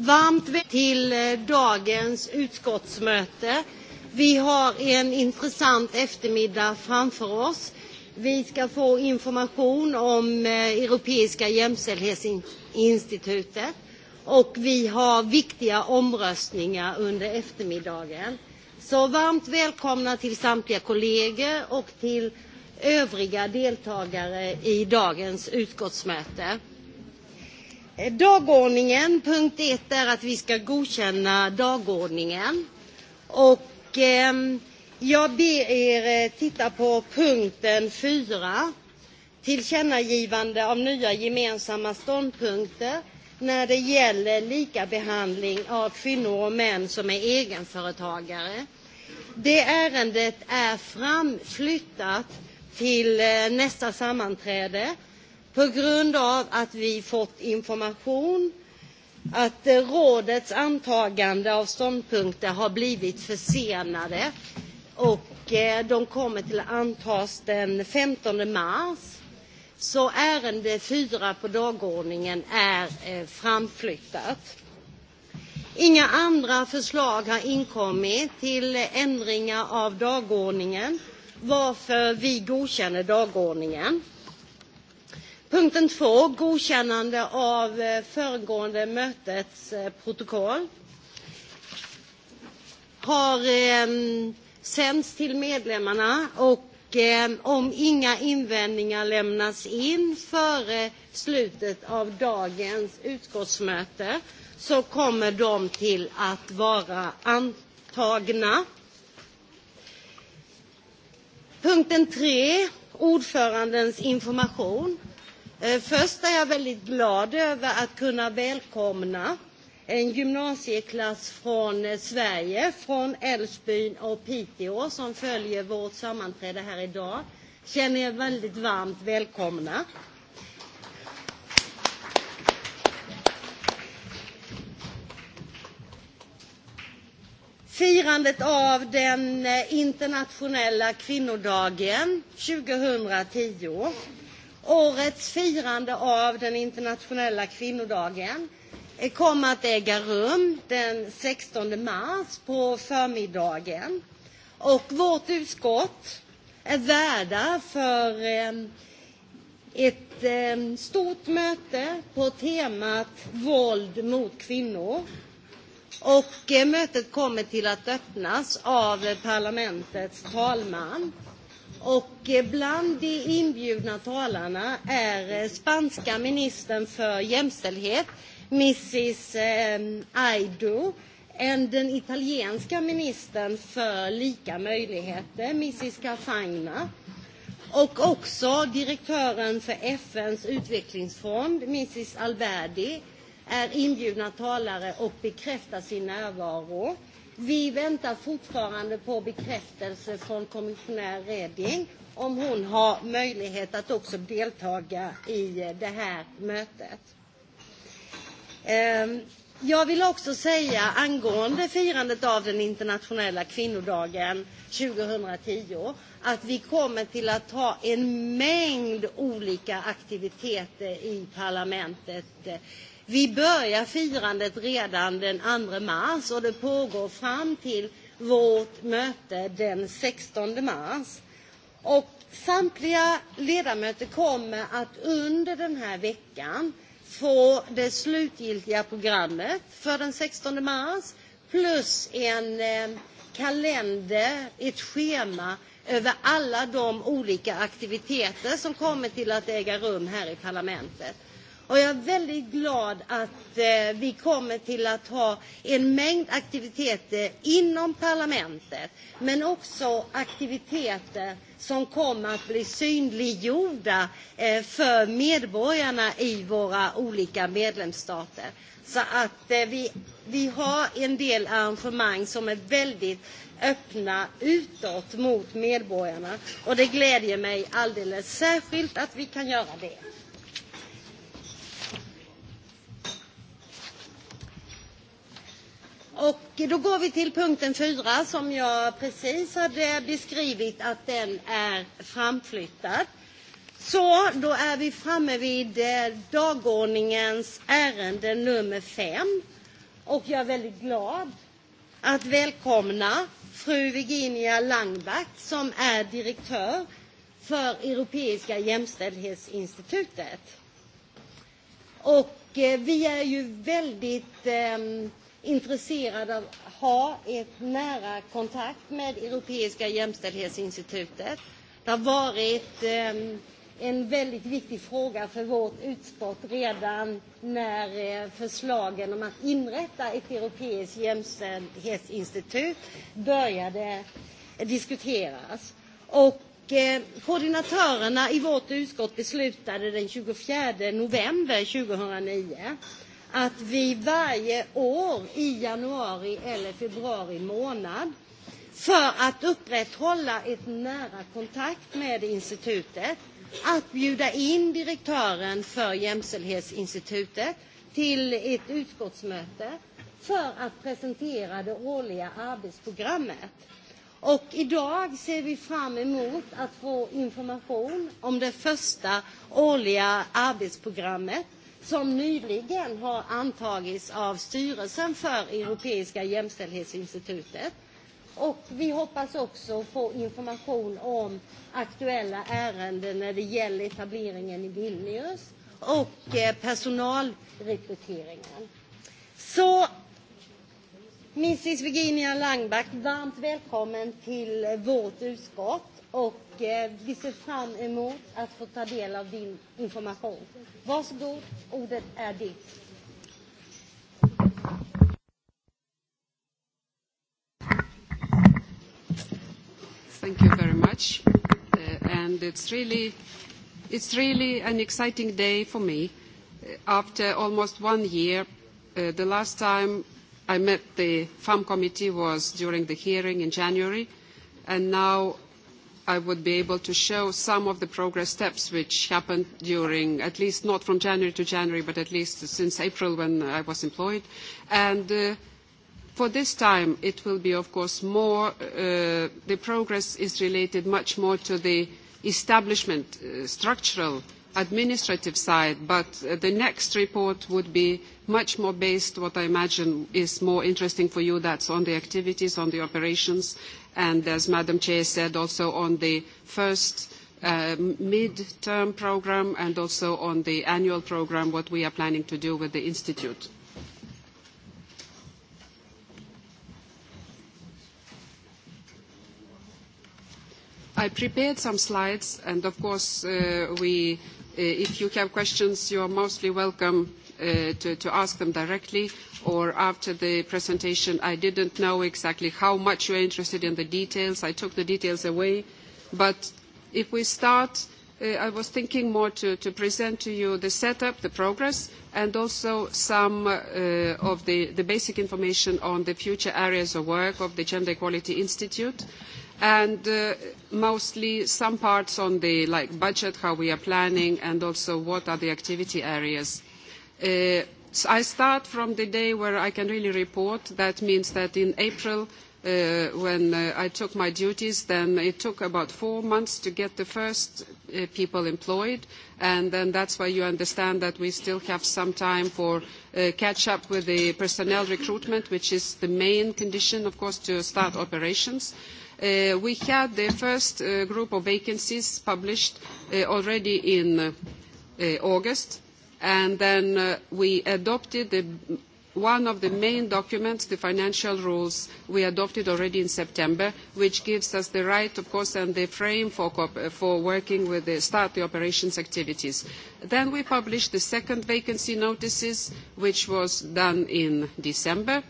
Varmt till eh, dagens utskottsmöte. Vi har en intressant eftermiddag framför oss. Vi ska få information om eh, Europeiska jämställdhetsinstitutet och vi har viktiga omröstningar under eftermiddagen. Så varmt välkomna till samtliga kollegor och till övriga deltagare i dagens utskottsmöte. Eh, dagordningen, punkt ett, är att vi ska godkänna dagordningen. Och eh, jag ber er eh, titta på punkten 4. Tillkännagivande av nya gemensamma ståndpunkter när det gäller likabehandling av kvinnor och män som är egenföretagare. Det ärendet är framflyttat till eh, nästa sammanträde på grund av att vi fått information att eh, rådets antagande av ståndpunkter har blivit försenade och eh, de kommer till att antas den 15 mars. Så ärende fyra på dagordningen är eh, framflyttat. Inga andra förslag har inkommit till ändringar av dagordningen varför vi godkänner dagordningen. Punkten två, godkännande av eh, föregående mötets eh, protokoll har eh, sänts till medlemmarna och eh, om inga invändningar lämnas in före slutet av dagens utskottsmöte så kommer de till att vara antagna. Punkten 3. ordförandens information. Eh, först är jag väldigt glad över att kunna välkomna en gymnasieklass från eh, Sverige, från Älvsbyn och Piteå som följer vårt sammanträde här idag. Känner er väldigt varmt välkomna. Firandet av den eh, internationella kvinnodagen 2010 årets firande av den internationella kvinnodagen kommer att äga rum den 16 mars på förmiddagen. Och vårt utskott är värda för eh, ett eh, stort möte på temat våld mot kvinnor. Och eh, mötet kommer till att öppnas av parlamentets talman. Och eh, bland de inbjudna talarna är eh, spanska ministern för jämställdhet, Mrs eh, Aido, den italienska ministern för lika möjligheter, Mrs Cafagna, och också direktören för FNs utvecklingsfond, Mrs Alberdi, är inbjudna talare och bekräftar sin närvaro. Vi väntar fortfarande på bekräftelse från kommissionär Reding om hon har möjlighet att också deltaga i det här mötet. Ehm, jag vill också säga angående firandet av den internationella kvinnodagen 2010 att vi kommer till att ha en mängd olika aktiviteter i parlamentet Vi börjar firandet redan den 2 mars och det pågår fram till vårt möte den 16 mars. Och samtliga ledamöter kommer att under den här veckan få det slutgiltiga programmet för den 16 mars plus en eh, kalender, ett schema över alla de olika aktiviteter som kommer till att äga rum här i parlamentet. Och jag är väldigt glad att eh, vi kommer till att ha en mängd aktiviteter inom parlamentet, men också aktiviteter som kommer att bli synliggjorda eh, för medborgarna i våra olika medlemsstater. Så att eh, vi, vi har en del arrangemang som är väldigt öppna utåt mot medborgarna. Och det glädjer mig alldeles särskilt att vi kan göra det. Och då går vi till punkten fyra som jag precis hade beskrivit att den är framflyttad. Så då är vi framme vid eh, dagordningens ärende nummer fem. Och jag är väldigt glad att välkomna fru Virginia Langback som är direktör för Europeiska jämställdhetsinstitutet. Och eh, vi är ju väldigt eh, intresserad av att ha ett nära kontakt med Europeiska jämställdhetsinstitutet. Det har varit ehm, en väldigt viktig fråga för vårt utskott redan när eh, förslagen om att inrätta ett europeiskt jämställdhetsinstitut började diskuteras. Och eh, koordinatörerna i vårt utskott beslutade den 24 november 2009 att vi varje år i januari eller februari månad för att upprätthålla ett nära kontakt med institutet, att bjuda in direktören för Jämställdhetsinstitutet till ett utskottsmöte för att presentera det årliga arbetsprogrammet. Och idag ser vi fram emot att få information om det första årliga arbetsprogrammet som nyligen har antagits av styrelsen för Europeiska jämställdhetsinstitutet. Och vi hoppas också få information om aktuella ärenden när det gäller etableringen i Vilnius och eh, personalrekryteringen. Så Mrs Virginia Langback, varmt välkommen till vårt utskott. Och eh, vi ser fram emot att få ta del av din information. Varsågod, ordet är ditt. Thank you very much. Uh, and it's really, it's really an exciting day for me. Uh, after almost one year, uh, the last time I met the FAM committee was during the hearing in January, and now i would be able to show some of the progress steps which happened during, at least not from January to January, but at least since April when I was employed. And uh, for this time, it will be, of course, more, uh, the progress is related much more to the establishment, uh, structural, administrative side, but the next report would be much more based, what I imagine is more interesting for you, that's on the activities, on the operations, and as Madam Chair said, also on the first uh, mid-term programme and also on the annual programme, what we are planning to do with the institute. I prepared some slides, and of course, uh, we, uh, if you have questions, you are mostly welcome Uh, to, to ask them directly or after the presentation. I didn't know exactly how much you are interested in the details. I took the details away. But if we start, uh, I was thinking more to, present to you the setup, the progress, and also some uh, of the, the basic information on the future areas of work of the Gender Equality Institute and mostly some parts on the like budget, how we are planning, and also what are the activity areas Uh, I start from the day where I can really report. That means that in April, uh, when uh, I took my duties, then it took about four months to get the first people employed. And then that's why you understand that we still have some time for catch up with the personnel recruitment, which is the main condition, of course, to start operations. we had the first group of vacancies published already in August and then uh, we adopted the, one of the main documents, the financial rules, we adopted already in September, which gives us the right, of course, and the frame for, for working with the start the operations activities. Then we published the second vacancy notices, which was done in December,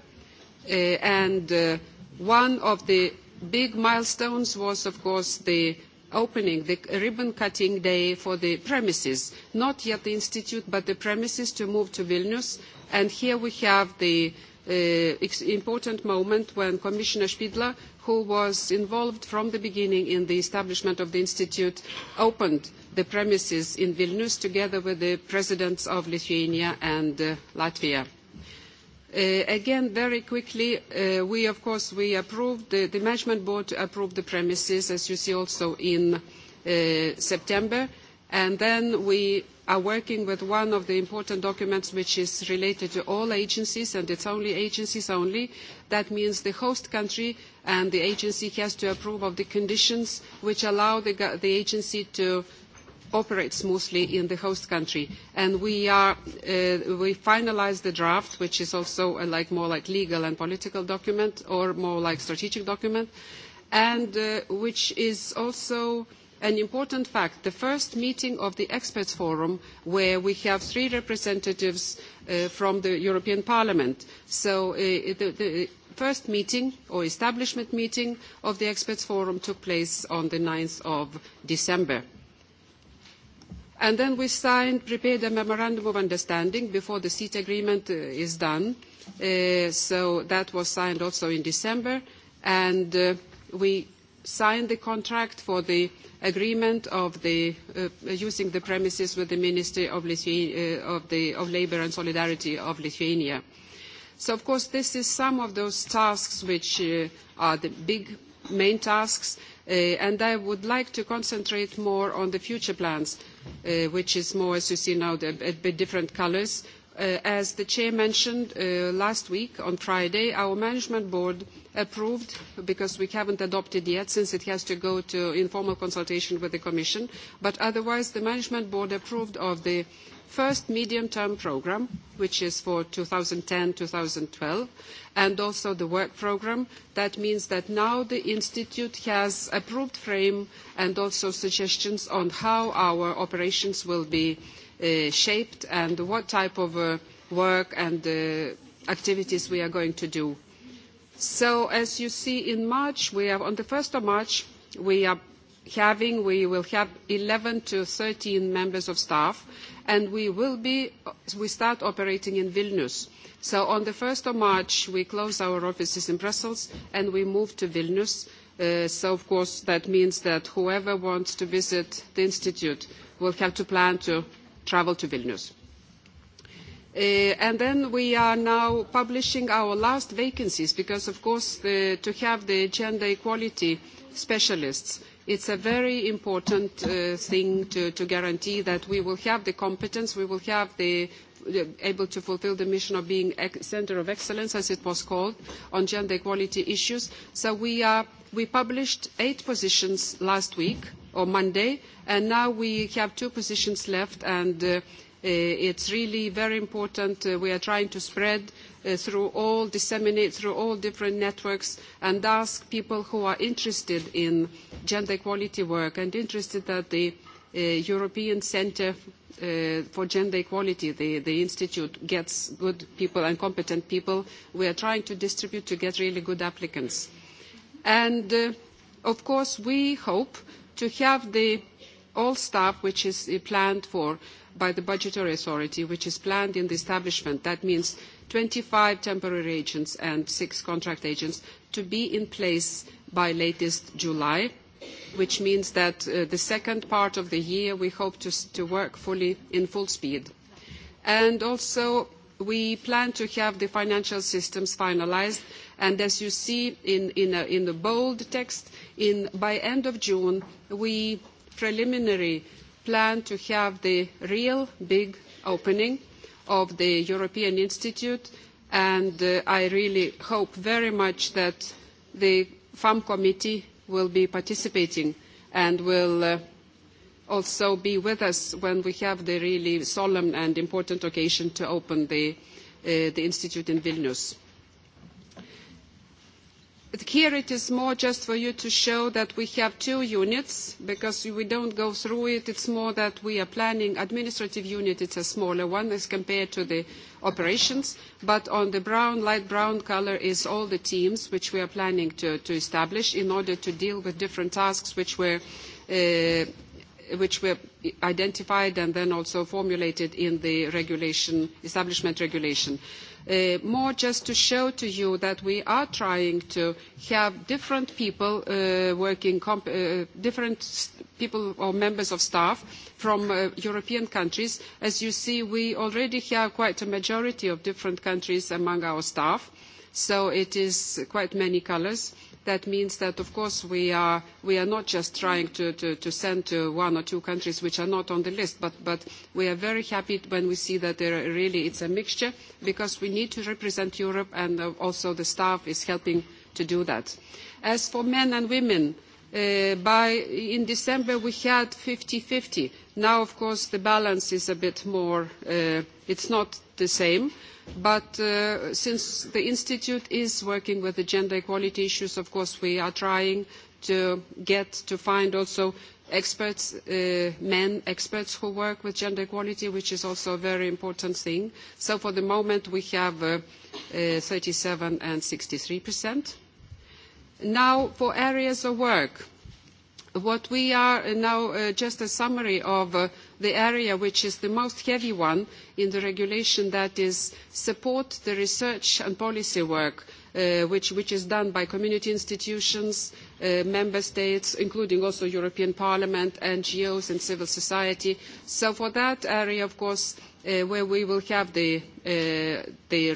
uh, and uh, one of the big milestones was, of course, the opening the ribbon cutting day for the premises, not yet the institute, but the premises to move to Vilnius. And here we have the uh, important moment when Commissioner Spidla, who was involved from the beginning in the establishment of the institute, opened the premises in Vilnius together with the presidents of Lithuania and uh, Latvia. Uh, again, very quickly, uh, we of course we approved the, the management board approved the premises, as you see also in uh, September. and Then we are working with one of the important documents which is related to all agencies, and it's only agencies only. That means the host country and the agency has to approve of the conditions which allow the agency to operate smoothly in the host country. And we, are, uh, we finalized the draft, which is also a, uh, like, more like legal and political document or more like strategic document, and uh, which is also an important fact, the first meeting of the experts forum where we have three representatives uh, from the European Parliament. So uh, the, the first meeting or establishment meeting of the experts forum took place on the 9th of December. And then we signed, prepared a memorandum of understanding before the CETA agreement uh, is done. Uh, so that was signed also in December. And uh, we signed the contract for the agreement of the, using the premises with the Ministry of, of, Labour and Solidarity of Lithuania. So, of course, this is some of those tasks which are the big main tasks, uh, and I would like to concentrate more on the future plans, uh, which is more, as you see now, a bit different colours, Uh, as the chair mentioned uh, last week on Friday, our management board approved, because we haven't adopted yet since it has to go to informal consultation with the commission, but otherwise the management board approved of the first medium-term programme, which is for 2010 twelve, and also the work programme. That means that now the institute has approved frame and also suggestions on how our operations will be Uh, shaped and what type of uh, work and uh, activities we are going to do. So as you see in March, we are on the 1st of March, we are having, we will have 11 to 13 members of staff and we will be, we start operating in Vilnius. So on the 1st of March, we close our offices in Brussels and we move to Vilnius. so of course that means that whoever wants to visit the institute will have to plan to travel to Vilnius. Uh, and then we are now publishing our last vacancies because, of course, to have the gender equality specialists, it's a very important uh, thing to, to guarantee that we will have the competence, we will have the able to fulfil the mission of being a centre of excellence, as it was called, on gender equality issues. So we, are, we published eight positions last week, on Monday, and now we have two positions left, and it uh, uh, it's really very important. Uh, we are trying to spread through all, disseminate through all different networks, and ask people who are interested in gender equality work and interested that the European Centre for Gender Equality, the, the institute, gets good people and competent people. We are trying to distribute to get really good applicants. And of course, we hope to have the all staff which is eh, planned for by the budgetary authority, which is planned in the establishment. That means twenty five temporary agents and six contract agents to be in place by latest July, which means that uh, the second part of the year we hope to, to work fully in full speed. And also we plan to have the financial systems finalized, and as you see in, in, a, in the bold text, by by end of June, we preliminary plan to have the real big opening of the European Institute, and uh, I really hope very much that the FAM committee will be participating and will uh, also be with us when we have the really solemn and important occasion to open the uh, Institute in Vilnius. Here it is more just for you to show that we have two units because we don't go through it. It's more that we are planning administrative unit. It's a smaller one as compared to the operations. But on the brown, light brown color is all the teams which we are planning to, establish in order to deal with different tasks uh, which were, identified and then also formulated in the regulation, establishment regulation. Uh, more just to show to you that we are trying to have different people uh, working, uh, different people or members of staff from European countries. As you see, we already have quite a majority of different countries among our staff, so it is quite many colours. That means that, of course, we are, not just trying to, send to one or two countries which are not on the list, but, but we are very happy when we see that there really it's a mixture because we need to represent Europe and uh, also the staff is helping to do that. As for men and women, uh, by in December we had fifty fifty. Now, of course, the balance is a bit more, uh, it's not the same. But uh, since the Institute is working with the gender equality issues, of course, we are trying to get to find also experts, uh, men experts who work with gender equality, which is also a very important thing. So for the moment, we have thirty uh, uh seven and sixty percent. Now, for areas of work, what we are uh, now, uh, just a summary of the area which is the most heavy one in the regulation, that is support the research and policy work uh, which, is done by community institutions, uh, member states, including also European Parliament, NGOs and civil society. So for that area, of course, Uh, where we will have the, uh,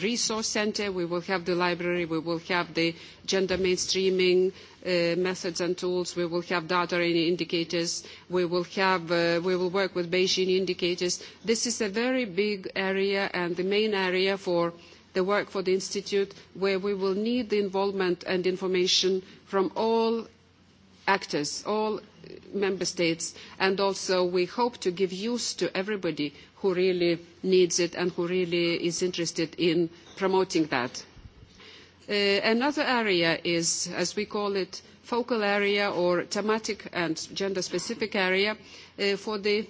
resource centre, we will have the library, we will have the gender mainstreaming uh, methods and tools, we will have data and indicators, we will, have, we will work with Beijing indicators. This is a very big area and the main area for the work for the Institute where we will need the involvement and information from all actors, all member states, and also we hope to give use to everybody who really needs it and who really is interested in promoting that. Uh, another area is, as we call it, focal area or thematic and gender-specific area. Uh, for the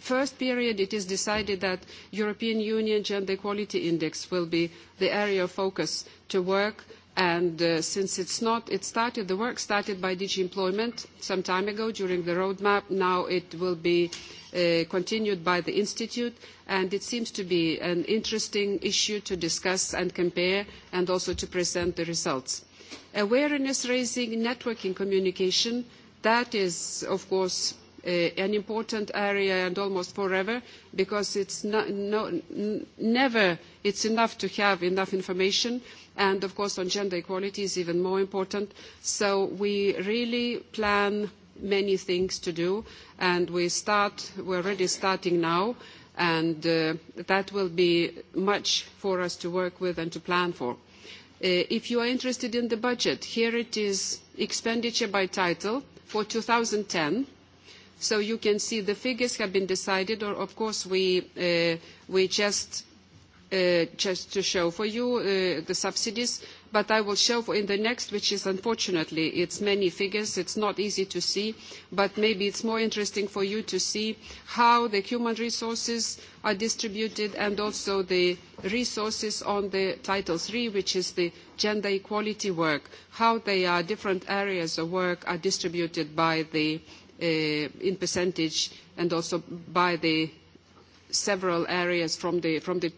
first period, it is decided that European Union Gender Equality Index will be the area of focus to work and uh, since since is not, it started, the work started by DG Employment some time ago during the roadmap. Now it will be Uh, continued by the Institute, and it seems to be an interesting issue to discuss and compare, and also to present the results. Awareness raising, networking communication, that is, of course, uh, an important area and almost forever because it's no, no, never it's enough to have enough information and of course on gender equality is even more important so we really plan many things to do, and we start, we're already starting now, and uh, that will be much for us to work with and to plan for. Uh, if you are interested in the budget, here it is expenditure by title for 2010. So you can see the figures have been decided, or of course, we, uh, we just, just to show for you the subsidies, but I will show in the next, which is unfortunately, it's many figures, it's not easy to see, but maybe it's more interesting for you to see how the human resources are distributed and also the resources on the Title III, which is the gender equality work, how they are, different areas of work are distributed by the, uh, in percentage and also by the several areas from the, from the,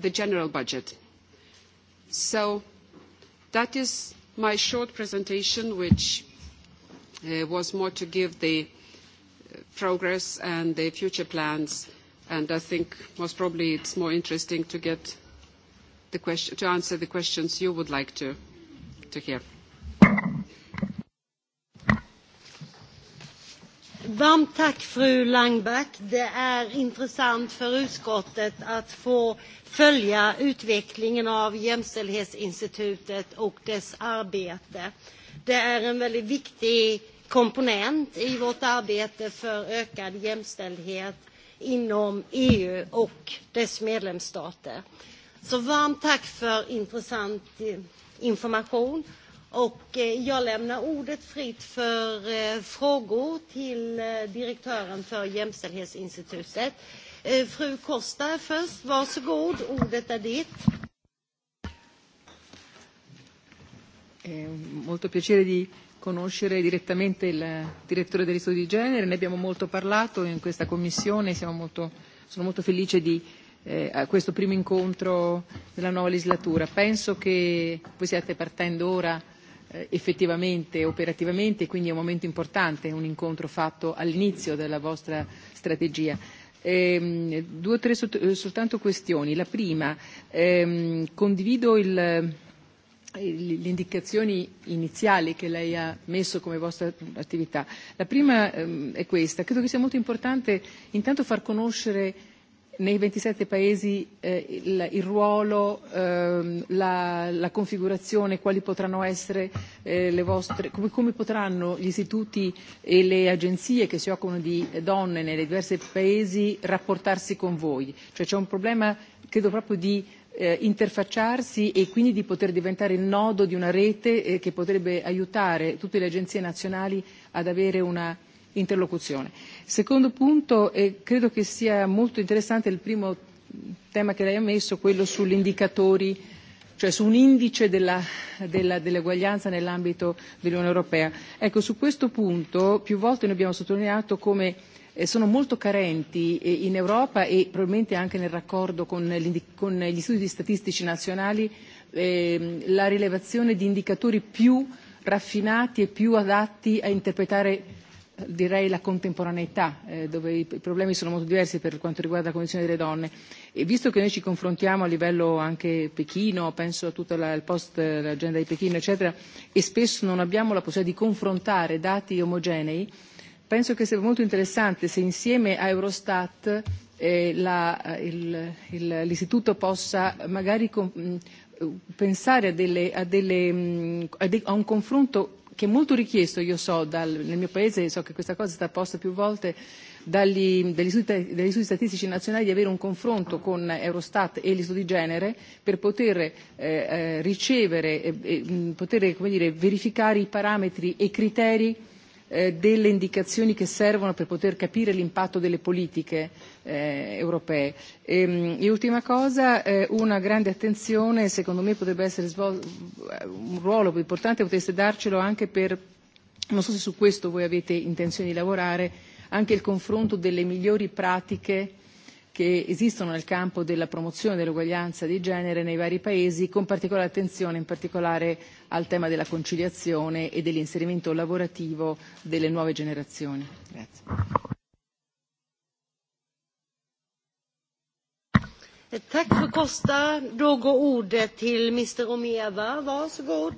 the general budget. So That is my short presentation, which uh, was more to give the uh, progress and the future plans, and I think most probably it's more interesting to get the question, to answer the questions you would like to, to hear. Varmt tack fru Langback. Det är intressant för utskottet att få följa utvecklingen av Jämställdhetsinstitutet och dess arbete. Det är en väldigt viktig komponent i vårt arbete för ökad jämställdhet inom EU och dess medlemsstater. Så varmt tack för intressant information Och eh, jag lämnar ordet fritt för eh, frågor till eh, direktören för Jämställdhetsinstitutet. Fru Costa först, varsågod. Ordet är ditt. molto piacere di conoscere direttamente il direttore degli studi di genere, ne abbiamo molto parlato in questa commissione, siamo molto, sono molto felice di eh, a questo primo incontro della nuova legislatura. Penso che voi stiate partendo ora Eh, effettivamente operativamente, quindi è un momento importante, un incontro fatto all'inizio della vostra strategia. Ehm, due o tre eh, soltanto questioni. La prima, ehm, condivido il, le indicazioni iniziali che lei ha messo come vostra attività. La prima ehm, è questa. Credo che sia molto importante intanto far conoscere nei 27 paesi eh, il, il ruolo, ehm, la, la configurazione, quali potranno essere eh, le vostre, come, come potranno gli istituti e le agenzie che si occupano di donne nei diversi paesi rapportarsi con voi? Cioè c'è un problema, credo proprio di eh, interfacciarsi e quindi di poter diventare il nodo di una rete eh, che potrebbe aiutare tutte le agenzie nazionali ad avere una interlocuzione. Secondo punto, e credo che sia molto interessante il primo tema che lei ha messo, quello sugli indicatori, cioè su un indice della, della, dell'eguaglianza nell'ambito dell'Unione Europea. Ecco, su questo punto più volte noi abbiamo sottolineato come eh, sono molto carenti eh, in Europa e probabilmente anche nel raccordo con gli istituti statistici nazionali ehm, la rilevazione di indicatori più raffinati e più adatti a interpretare direi la contemporaneità eh, dove i problemi sono molto diversi per quanto riguarda la condizione delle donne e visto che noi ci confrontiamo a livello anche Pechino, penso a tutto la, il post l'agenda di Pechino eccetera e spesso non abbiamo la possibilità di confrontare dati omogenei, penso che sarebbe molto interessante se insieme a Eurostat eh, la, il, il, l'istituto possa magari con, pensare a, delle, a, delle, a, de, a un confronto che è molto richiesto, io so, dal, nel mio paese so che questa cosa è stata posta più volte dagli, dagli, studi, dagli studi statistici nazionali di avere un confronto con Eurostat e gli studi di genere per poter eh, eh ricevere, eh, poter come dire, verificare i parametri e i criteri Eh, delle indicazioni che servono per poter capire l'impatto delle politiche eh, europee. E, e ultima cosa, eh, una grande attenzione, secondo me potrebbe essere svolto eh, un ruolo importante, potreste darcelo anche per, non so se su questo voi avete intenzione di lavorare, anche il confronto delle migliori pratiche che esistono nel campo della promozione dell'uguaglianza di genere nei vari paesi, con particolare attenzione in particolare al tema della conciliazione e dell'inserimento lavorativo delle nuove generazioni. Grazie. Tack för Costa. Då går ordet till Mr. Romeva. Varsågod.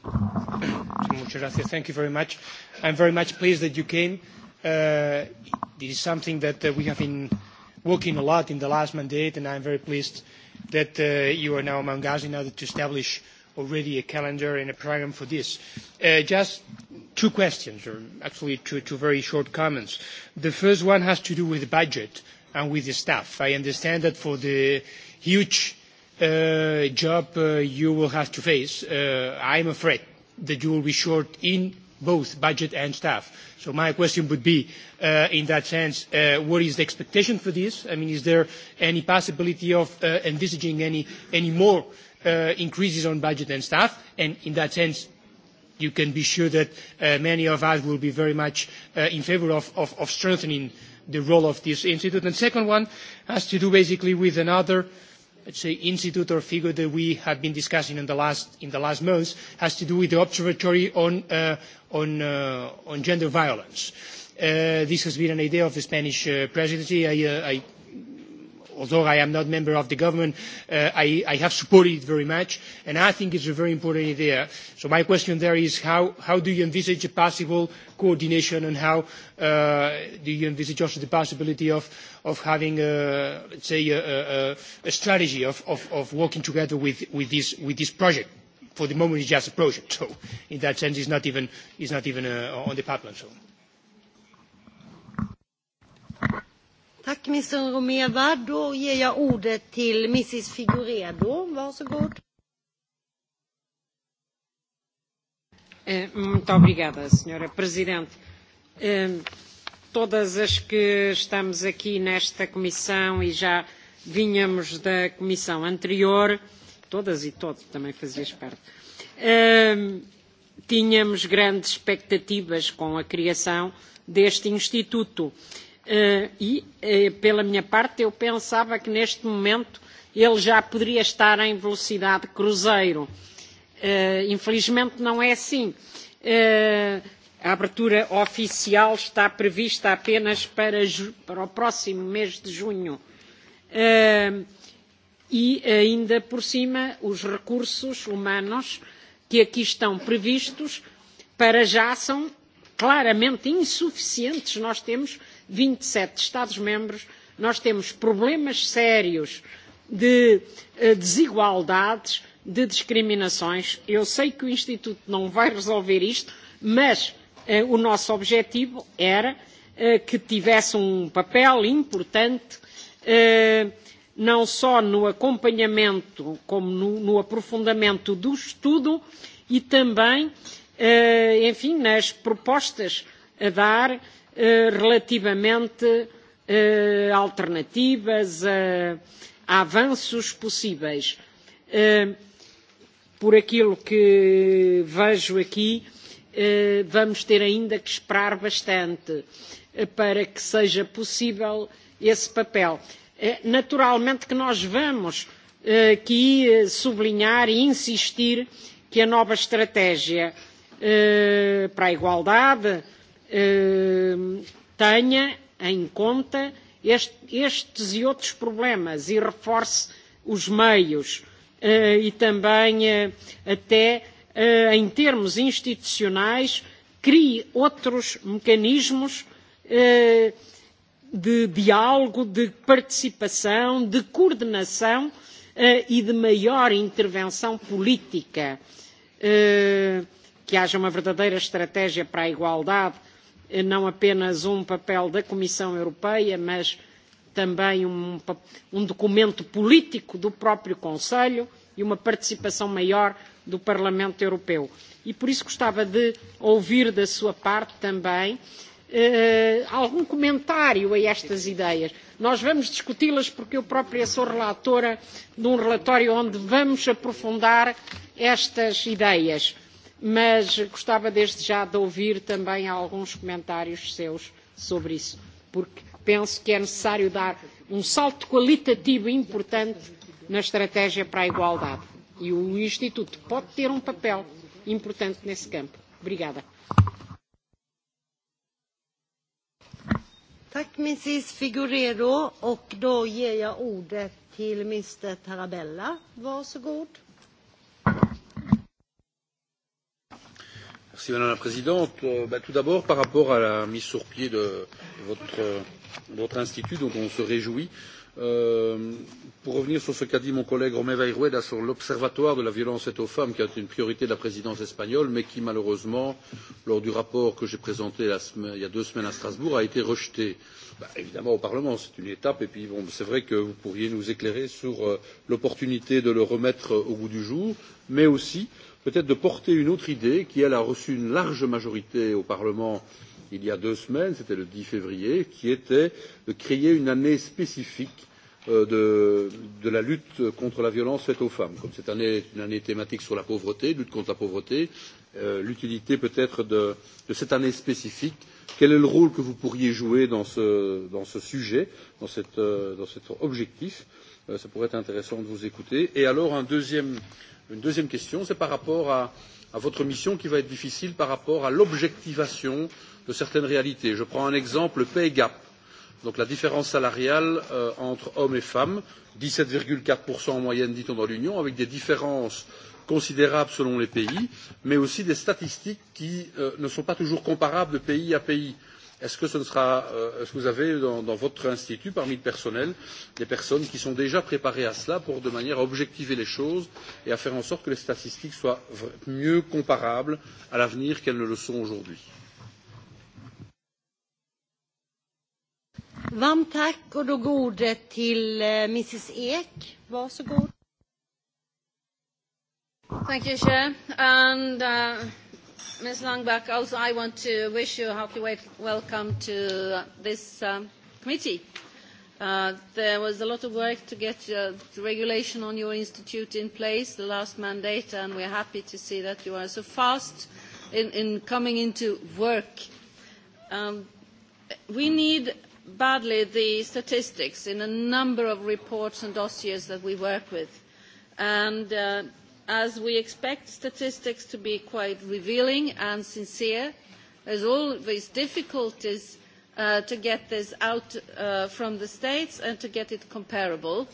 Muchas gracias. Thank you very much. I'm very much pleased that you came. Uh, this is something that uh, we have been working a lot in the last mandate, and I'm very pleased that uh, you are now among us in order to establish already a calendar and a program for this. Uh, just two questions, or actually two, two very short comments. The first one has to do with the budget and with the staff. I understand that for the huge uh, job you will have to face, I I'm afraid that you will be short in both budget and staff. So my question would be, uh, in that sense, uh, what is the expectation for this? I mean, is there any possibility of uh, envisaging any, any more uh, increases on budget and staff? And in that sense, you can be sure that uh, many of us will be very much uh, in favor of, of, of strengthening the role of this institute. And second one has to do basically with another uh, let's say, institute or figure that we have been discussing in the last, in the last months has to do with the observatory on, uh, on, uh, on gender violence. Uh, this has been an idea of the Spanish uh, presidency. I, uh, I although I am not a member of the government, uh, I, I have supported it very much, and I think it's a very important idea. So my question there is how, how do you envisage a possible coordination and how uh, do you envisage also the possibility of, of having, a, let's say, a, a, a strategy of, of, of working together with, with, this, with this project? For the moment, it's just a project, so in that sense, it's not even, it's not even uh, on the pipeline. So. Tack, Mr. Romeva. Då ger jag ordet till Mrs. Figuredo. Varsågod. Eh, muito obrigada, Senhora Presidente. Eh, todas as que estamos aqui nesta comissão e já vínhamos da comissão anterior, todas e todos, também fazias parte, eh, tínhamos grandes expectativas com a criação deste Instituto. Eh, e, eh, pela minha parte, eu pensava que neste momento ele já poderia estar em velocidade cruzeiro. Eh, infelizmente não é assim. a abertura oficial está prevista apenas para, para o próximo mês de junho. e ainda por cima, os recursos humanos que aqui estão previstos para já são claramente insuficientes. Nós temos vinte e sete Estados-membros, nós temos problemas sérios de eh, desigualdades, de discriminações. Eu sei que o Instituto não vai resolver isto, mas eh, o nosso objetivo era eh, que tivesse um papel importante, eh, não só no acompanhamento, como no, no aprofundamento do estudo e também, eh, enfim, nas propostas a dar Eh, relativamente a eh, alternativas, a, a avanços possíveis. Eh, por aquilo que vejo aqui, vamos ter ainda que esperar bastante para que seja possível esse papel. Naturalmente que nós vamos aqui sublinhar e insistir que a nova estratégia para a igualdade Ehm, tenha em conta estes e outros problemas e reforce os meios eh, e também eh, até eh, em termos institucionais crie outros mecanismos de diálogo, de participação, de coordenação e de maior intervenção política, que haja uma verdadeira estratégia para a igualdade não apenas um papel da Comissão Europeia, mas também um, um documento político do próprio Conselho e uma participação maior do Parlamento Europeu. E por isso gostava de ouvir da sua parte também eh, algum comentário a estas ideias. Nós vamos discuti-las porque eu própria sou relatora de um relatório onde vamos aprofundar estas ideias mas gostava desde já de ouvir também alguns comentários seus sobre isso, porque penso que é necessário dar um salto qualitativo importante na estratégia para a igualdade. E o Instituto pode ter um papel importante nesse campo. Obrigada. Tack Mrs och då ger jag ordet till Mr Tarabella. Varsågod. Merci Madame la Présidente. Euh, bah, tout d'abord, par rapport à la mise sur pied de votre, de votre institut, dont on se réjouit, euh, pour revenir sur ce qu'a dit mon collègue Romain Vairueda sur l'observatoire de la violence faite aux femmes, qui a été une priorité de la présidence espagnole, mais qui malheureusement, lors du rapport que j'ai présenté la semaine, il y a deux semaines à Strasbourg, a été rejeté. Bah, évidemment, au Parlement, c'est une étape, et puis bon, c'est vrai que vous pourriez nous éclairer sur euh, l'opportunité de le remettre euh, au goût du jour, mais aussi peut être de porter une autre idée qui elle a reçu une large majorité au parlement il y a deux semaines c'était le dix février qui était de créer une année spécifique euh, de, de la lutte contre la violence faite aux femmes. Comme cette année est une année thématique sur la pauvreté, lutte contre la pauvreté, euh, l'utilité peut-être de, de cette année spécifique, quel est le rôle que vous pourriez jouer dans ce, dans ce sujet, dans, cette, euh, dans cet objectif euh, Ça pourrait être intéressant de vous écouter. Et alors, un deuxième, Une deuxième question, c'est par rapport à, à votre mission qui va être difficile par rapport à l'objectivation de certaines réalités. Je prends un exemple, le pay gap, donc la différence salariale euh, entre hommes et femmes, dix sept quatre en moyenne, dit-on, dans l'Union, avec des différences considérables selon les pays, mais aussi des statistiques qui euh, ne sont pas toujours comparables de pays à pays. Est-ce que, ce sera, euh, vous avez dans, dans votre institut, parmi le personnel, des personnes qui sont déjà préparées à cela pour de manière à objectiver les choses et à faire en sorte que les statistiques soient mieux comparables à l'avenir qu'elles ne le sont aujourd'hui Varmt tack och då går ordet till eh, Mrs Ek. Varsågod. Thank you, Chair. And, uh... Ms. Langbach, also I want to wish you a hearty welcome to this um, committee. Uh, there was a lot of work to get uh, the regulation on your institute in place the last mandate, and we are happy to see that you are so fast in, in coming into work. Um, we need badly the statistics in a number of reports and dossiers that we work with. And uh, as we expect statistics to be quite revealing and sincere. there are always difficulties uh, to get this out uh, from the states and to get it comparable.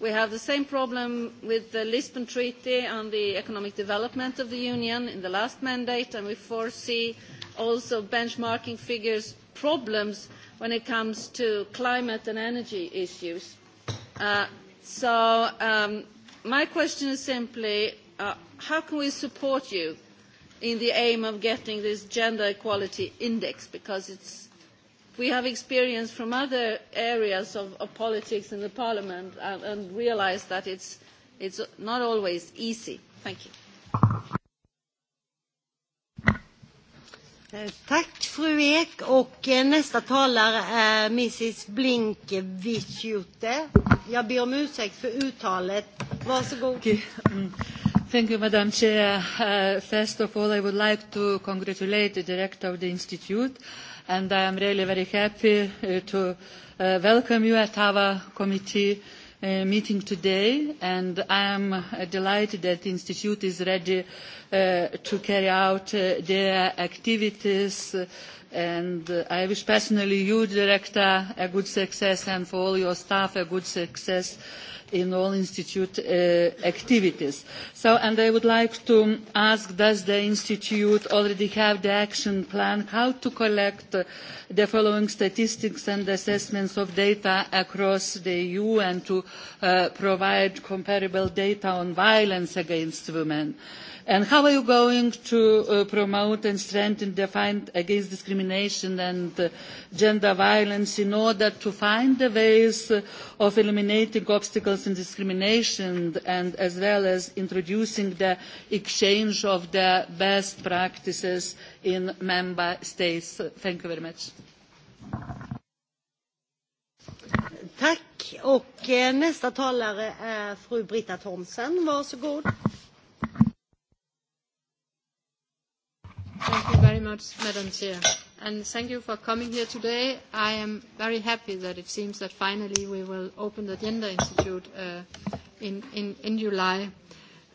We have the same problem with the Lisbon Treaty on the economic development of the Union in the last mandate, and we foresee also benchmarking figures problems when it comes to climate and energy issues. Uh, so um, my question is simply, uh, how can we support you in the aim of getting this gender equality index? Because it's, we have experience from other areas of, of politics in the parliament and, and realise that it's, it's not always easy. Thank you. Eh, tack fru Ek och eh, nästa talare är Mrs Blinkevichute. Jag ber om ursäkt för uttalet. Varsågod. Okay. Mm. Thank you, Madam Chair. Uh, first of all, I would like to congratulate the director of the Institute, and I am really very happy uh, to uh, welcome you at our committee uh, meeting today, and I am uh, delighted that the Institute is ready uh, to carry out uh, their activities, and uh, I wish personally you, Director, a good success, and for all your staff a good success in all institute uh, activities. So, and I would like to ask, does the institute already have the action plan how to collect uh, the following statistics and assessments of data across the EU and to uh, provide comparable data on violence against women? And how are you going to uh, promote and strengthen the fight against discrimination and uh, gender violence in order to find the ways uh, of eliminating obstacles violence and discrimination and as well as introducing the exchange of the best practices in member states. Thank you very much. Tack. Och eh, nästa talare är fru Britta Thomsen. Varsågod. Thank you very much, Madam Chair and thank you for coming here today. I am very happy that it seems that finally we will open the Gender Institute uh, in, in, in July.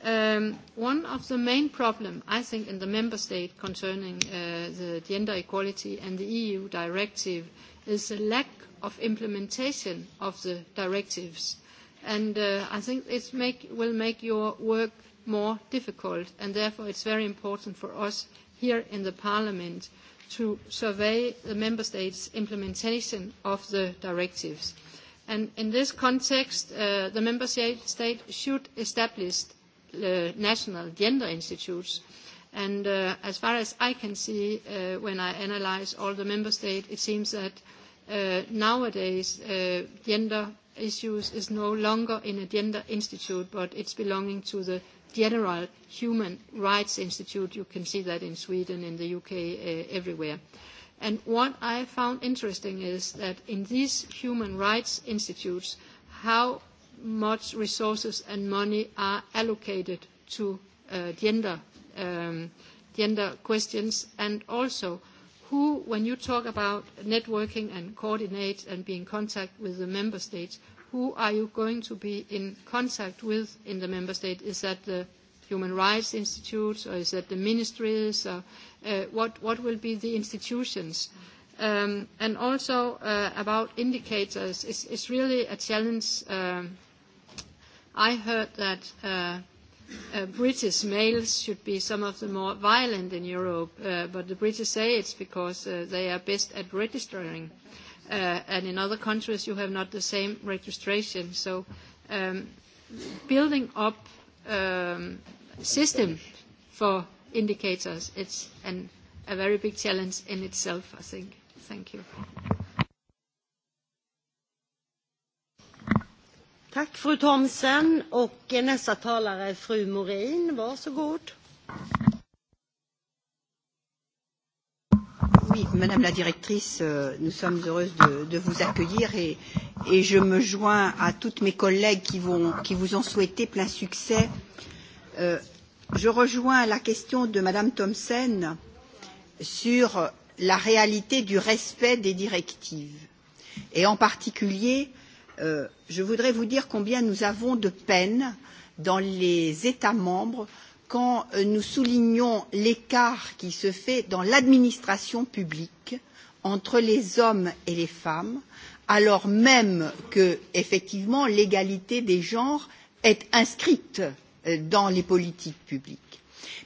Um, one of the main problems, I think, in the member state concerning uh, the gender equality and the EU directive is the lack of implementation of the directives. And uh, I think it make, will make your work more difficult, and therefore it's very important for us here in the Parliament to survey the member states' implementation of the directives. And in this context, uh, the member state should establish the uh, national gender institutes. And uh, as far as I can see, uh, when I analyse all the member states, it seems that uh, nowadays uh, gender issues is no longer in a gender institute, but it's belonging to the general human rights institute. You can see that in Sweden, in the UK, uh, everywhere. And what I found interesting is that in these human rights institutes, how much resources and money are allocated to uh, gender, um, gender questions and also who, when you talk about networking and coordinate and be in contact with the member states, who are you going to be in contact with in the member state? Is that the human rights institutes or is that the ministries? Or, uh, what, what will be the institutions? Um, and also uh, about indicators, it's, it's really a challenge. Um, I heard that uh, uh, British males should be some of the more violent in Europe, uh, but the British say it's because uh, they are best at registering. Uh, Uh, and in other countries, you have not the same registration. So um, building up um, system for indicators, it's an, a very big challenge in itself, I think. Thank you. Tack fru Thomsen och eh, nästa talare fru Morin. Varsågod. Oui, Madame la Directrice, euh, nous sommes heureuses de, de vous accueillir et, et je me joins à toutes mes collègues qui, vont, qui vous ont souhaité plein succès. Euh, je rejoins la question de Madame Thomsen sur la réalité du respect des directives. Et en particulier, euh, je voudrais vous dire combien nous avons de peine dans les États membres quand euh, nous soulignons l'écart qui se fait dans l'administration publique entre les hommes et les femmes, alors même que, effectivement, l'égalité des genres est inscrite euh, dans les politiques publiques.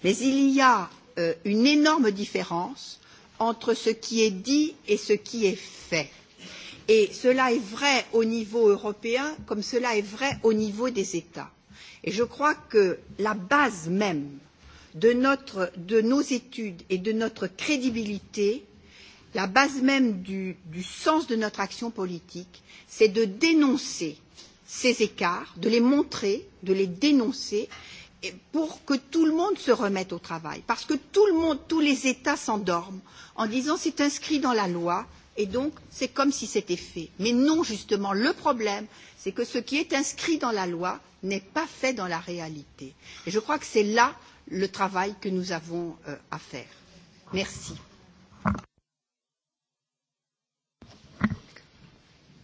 Mais il y a euh, une énorme différence entre ce qui est dit et ce qui est fait. Et cela est vrai au niveau européen comme cela est vrai au niveau des États. Et je crois que la base même de, notre, de nos études et de notre crédibilité, la base même du, du sens de notre action politique, c'est de dénoncer ces écarts, de les montrer, de les dénoncer, pour que tout le monde se remette au travail. Parce que tout le monde, tous les États s'endorment en disant c'est inscrit dans la loi et donc c'est comme si c'était fait. Mais non, justement, le problème, c'est que ce qui est inscrit dans la loi, n'est pas fait dans la réalité. Et je crois que c'est là le travail que nous avons euh, à faire. Merci.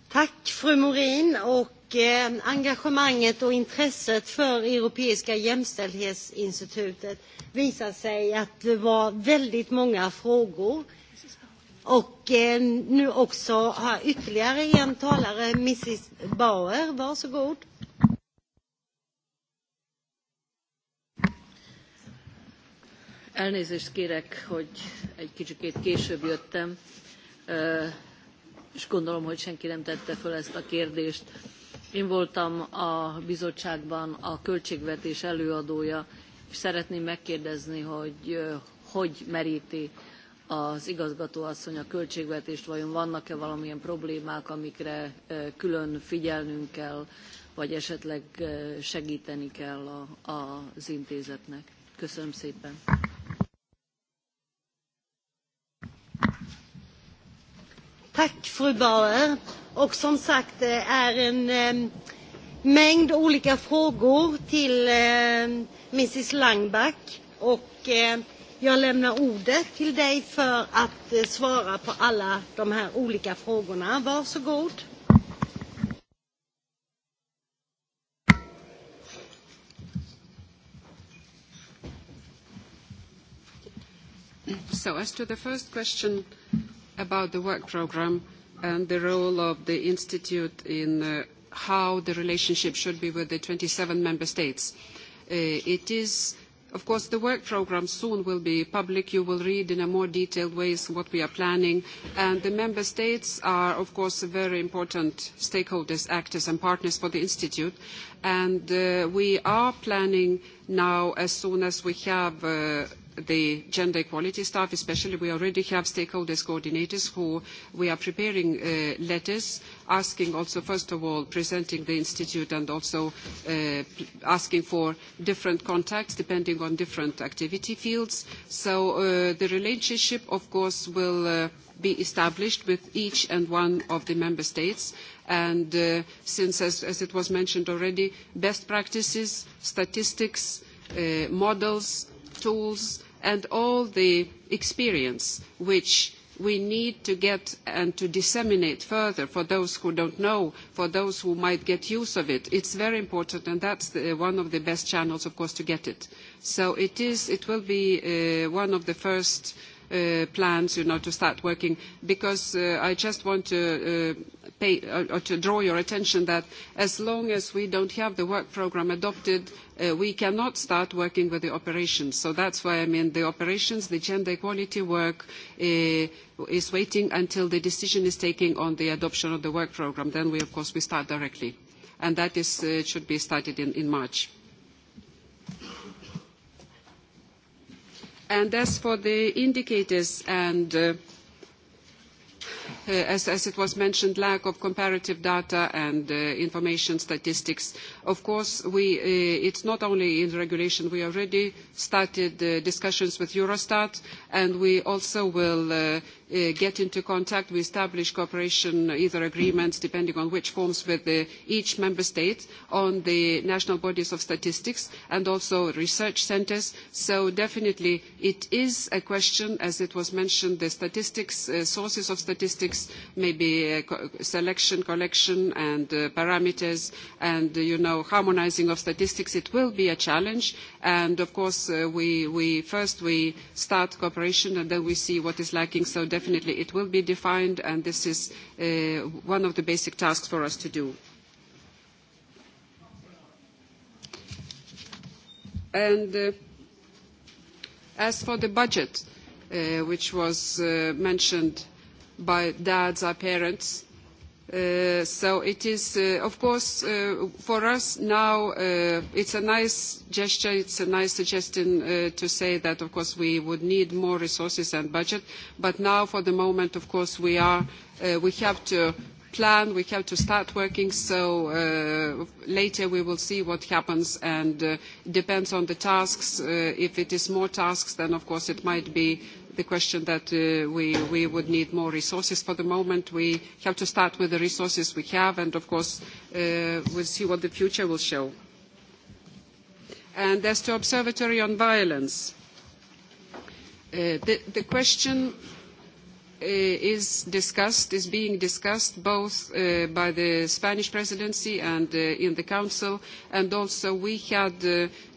Tack fru Morin och eh, engagemanget och intresset för Europeiska jämställdhetsinstitutet visar sig att det var väldigt många frågor. Och eh, nu också har ytterligare en talare, Mrs Bauer, varsågod. Elnézést kérek, hogy egy kicsikét később jöttem, és gondolom, hogy senki nem tette föl ezt a kérdést. Én voltam a bizottságban a költségvetés előadója, és szeretném megkérdezni, hogy hogy meríti az igazgatóasszony a költségvetést, vajon vannak-e valamilyen problémák, amikre külön figyelnünk kell, vagy esetleg segíteni kell az intézetnek. Köszönöm szépen. Tack fru Bauer. Och som sagt, det är en eh, mängd olika frågor till eh, Mrs Langback. Och eh, jag lämnar ordet till dig för att eh, svara på alla de här olika frågorna. Varsågod. So as to the first question, about the work programme and the role of the Institute in uh, how the relationship should be with the twenty seven member states. Uh, it is, of course, the work programme soon will be public. You will read in a more detailed way what we are planning. And the member states are, of course, very important stakeholders, actors and partners for the Institute. And uh, we are planning now, as soon as we have the gender equality staff, especially we already have stakeholders coordinators who we are preparing uh, letters asking also, first of all, presenting the institute and also uh, asking for different contacts depending on different activity fields. So uh, the relationship, of course, will be established with each and one of the member states. And since, as, it was mentioned already, best practices, statistics, models, tools, and all the experience which we need to get and to disseminate further for those who don't know, for those who might get use of it. It's is very important, and that's one of the best channels, of course, to get it. So it, is, it will be uh, one of the first uh, plans, you know, to start working, because uh, I just want to uh, pay uh, to draw your attention that as long as we don't have the work programme adopted, uh, we cannot start working with the operations. So that's why, I mean, the operations, the gender equality work uh, is waiting until the decision is taken on the adoption of the work programme. Then we, of course, we start directly. And that is, uh, should be started in, March. And as for the indicators and Uh, as, as it was mentioned, lack of comparative data and uh, information statistics. Of course, uh, it's not only in the regulation. We already started discussions with Eurostat, and we also will Uh, get into contact. We establish cooperation, either agreements, depending on which forms, with each member state on the national bodies of statistics and also research centres. So definitely it is a question, as it was mentioned, the statistics, uh, sources of statistics, maybe uh, selection, collection and parameters and, you know, harmonising of statistics. It will be a challenge. And of course, we, we, first we start cooperation and then we see what is lacking. So definitely it will be defined, and this is uh, one of the basic tasks for us to do. And uh, as for the budget, uh, which was uh, mentioned by dads, our parents, Uh, so it is, uh, of course, uh, for us now, it's a nice gesture, it's a nice suggestion to say that, of course, we would need more resources and budget. But now, for the moment, of course, we, are, uh, we have to plan, we have to start working, so uh, later we will see what happens, and uh, depends on the tasks. Uh, if it is more tasks, then of course it might be the question that uh, we, would need more resources. For the moment, we have to start with the resources we have, and of course, we uh, we'll see what the future will show. And as to Observatory on Violence, uh, the, question is discussed, is being discussed both by the Spanish presidency and in the Council, and also we had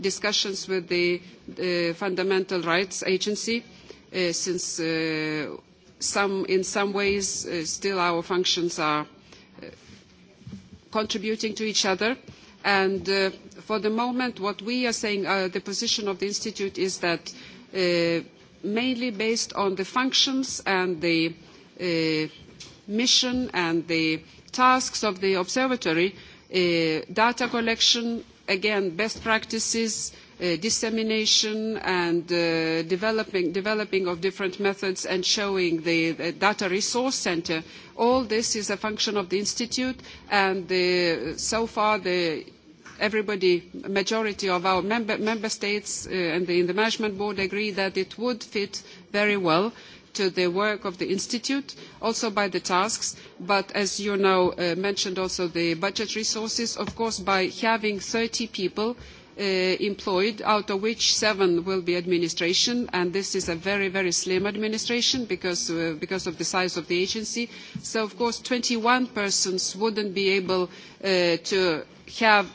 discussions with the Fundamental Rights Agency Uh, since uh, in some ways uh, still our functions are contributing to each other. And for the moment, what we are saying, the position of the Institute is that mainly based on the functions and the mission and the tasks of the observatory, data collection, again, best practices, Uh, dissemination and uh, developing, of different methods and showing the, data resource centre. All this is a function of the institute and the, so far the everybody, majority of our member, member states uh, and the, in the management board agree that it would fit very well to the work of the institute, also by the tasks, but as you now mentioned also the budget resources, of course by having thirty people Uh, employed, out of which seven will be administration, and this is a very, very slim administration because, uh, of the size of the agency. So, of course, twenty one persons wouldn't be able uh, to have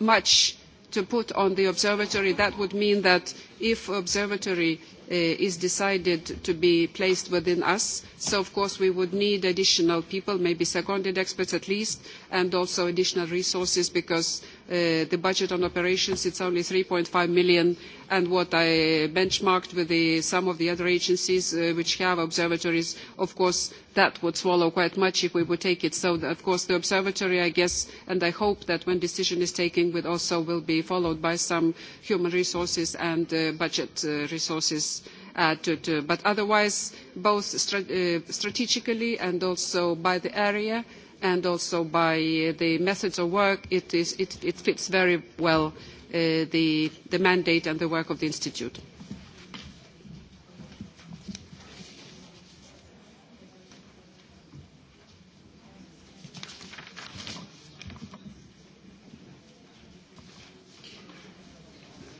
much to put on the observatory. That would mean that if observatory is decided to be placed within us. So, of course, we would need additional people, maybe seconded experts at least, and also additional resources because Uh, the budget on operations, it's only 3.5 million, and what I benchmarked with the, some of the other agencies uh, which have observatories, of course, that would swallow quite much if we would take it. So, of course, the observatory, I guess, and I hope that when decision is taken, will also be followed by some human resources and uh, budget resources added. But otherwise, both strategically and also by the area, and also by uh, the methods of work, it, is, it, it fits very well uh, the, mandate and the work of the institute.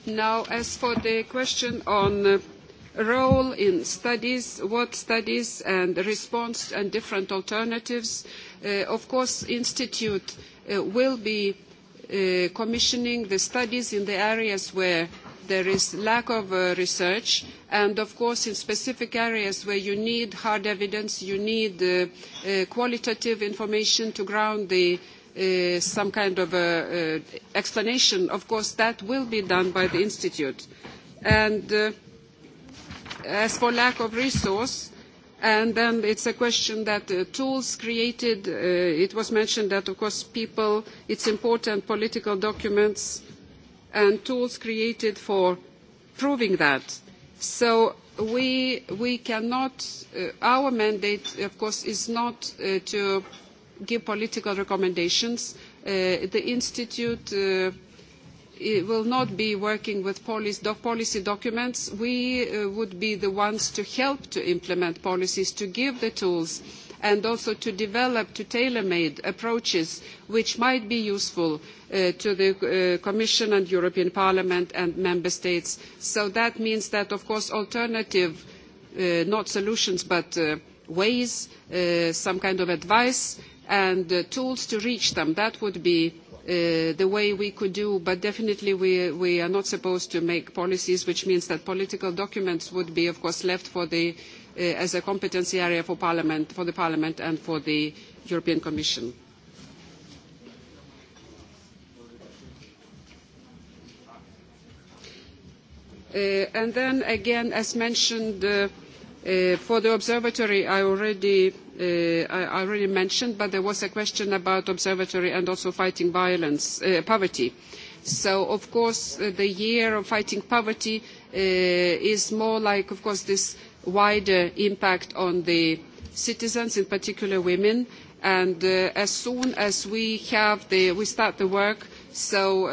Now, as for the question on uh, role in studies, what studies and response and different alternatives, Uh, of course, the Institute uh, will be uh, commissioning the studies in the areas where there is lack of uh, research and of course in specific areas where you need hard evidence you need uh, uh, qualitative information to ground the, some kind of explanation of course that will be done by the institute and as for lack of resource And then it's a question that uh, tools created, uh, it was mentioned that, of course, people, it's important, political documents and tools created for proving that. So we, we cannot, uh, our mandate, of course, is not to give political recommendations. the Institute will not be working with policy documents. We uh, would be the ones to help to implement policies, to give the tools, and also to develop to tailor-made approaches which might be useful uh, to the uh, Commission and European Parliament and Member States. So that means that, of course, alternative, not solutions, but ways, some kind of advice and tools to reach them, that would be Uh, the way we could do, but definitely we, are not supposed to make policies, which means that political documents would be, of course, left for the, uh, as a competency area for, parliament, for the Parliament and for the European Commission. Uh, and then again, as mentioned, for the observatory, I already Uh, I, already mentioned, but there was a question about observatory and also fighting violence, uh, poverty. So, of course, uh, the year of fighting poverty is more like, of course, this wider impact on the citizens, in particular women. And as soon as we have the, we start the work, so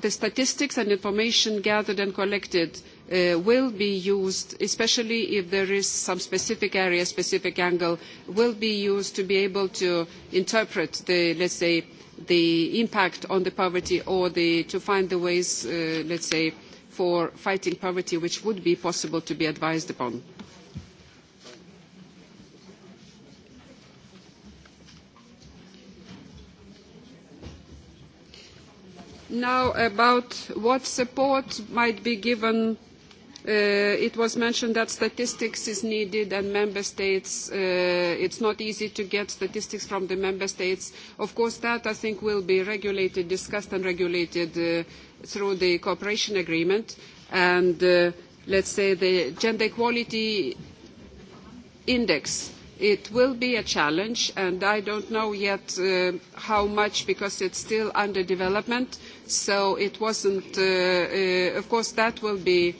the statistics and information gathered and collected Uh, will be used, especially if there is some specific area, specific angle, will be used to be able to interpret the, let's say, the impact on the poverty or the, to find the ways, uh, let's say, for fighting poverty which would be possible to be advised upon. Now about what support might be given Uh, it was mentioned that statistics is needed and member states, uh, it's not easy to get statistics from the member states. Of course, that I think will be regulated, discussed and regulated uh, through the cooperation agreement. And uh, let's say the gender equality index it will be a challenge and i don't know yet uh, how much because it is still under development so it wasn't uh, uh, of course that will be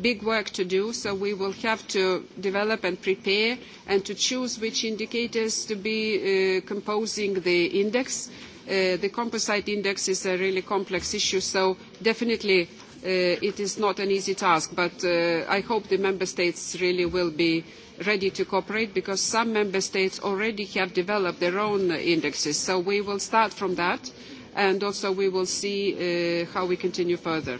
big work to do, so we will have to develop and prepare and to choose which indicators to be uh, composing the index. Uh, the composite index is a really complex issue, so definitely uh, it is not an easy task, but I hope the member states really will be ready to cooperate because some member states already have developed their own indexes, so we will start from that and also we will see how we continue further.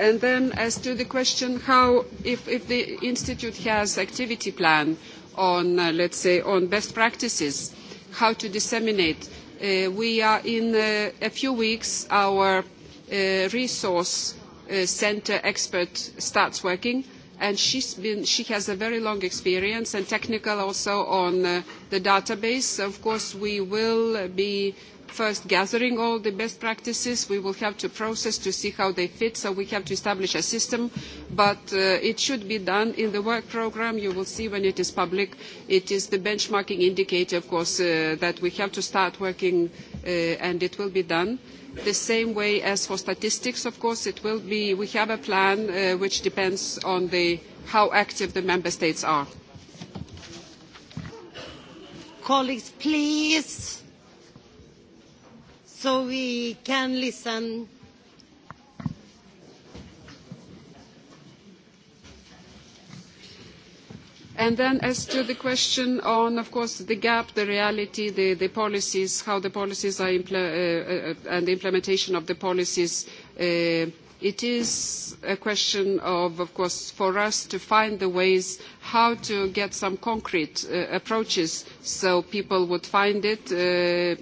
And then as to the question how, if, if the Institute has activity plan on, uh, let's say, on best practices, how to disseminate, uh, we are in uh, a few weeks, our uh, resource uh, center expert starts working and she's been, she has a very long experience and technical also on uh, the database. Of course, we will be first gathering all the best practices. We will have to process to see how they fit, so we have to establish a system. But uh, it should be done in the work programme. You will see when it is public. It is the benchmarking indicator, of course, uh, that we have to start working, uh, and it will be done. The same way as for statistics, of course, it will be. We have a plan uh, which depends on the, how active the member states are. Colleagues, please so we can listen And then as to the question on, of course, the gap, the reality, the, the policies, how the policies are impl uh, uh, and the implementation of the policies, uh, it is a question of, of course, for us to find the ways how to get some concrete uh, approaches so people would find it, uh,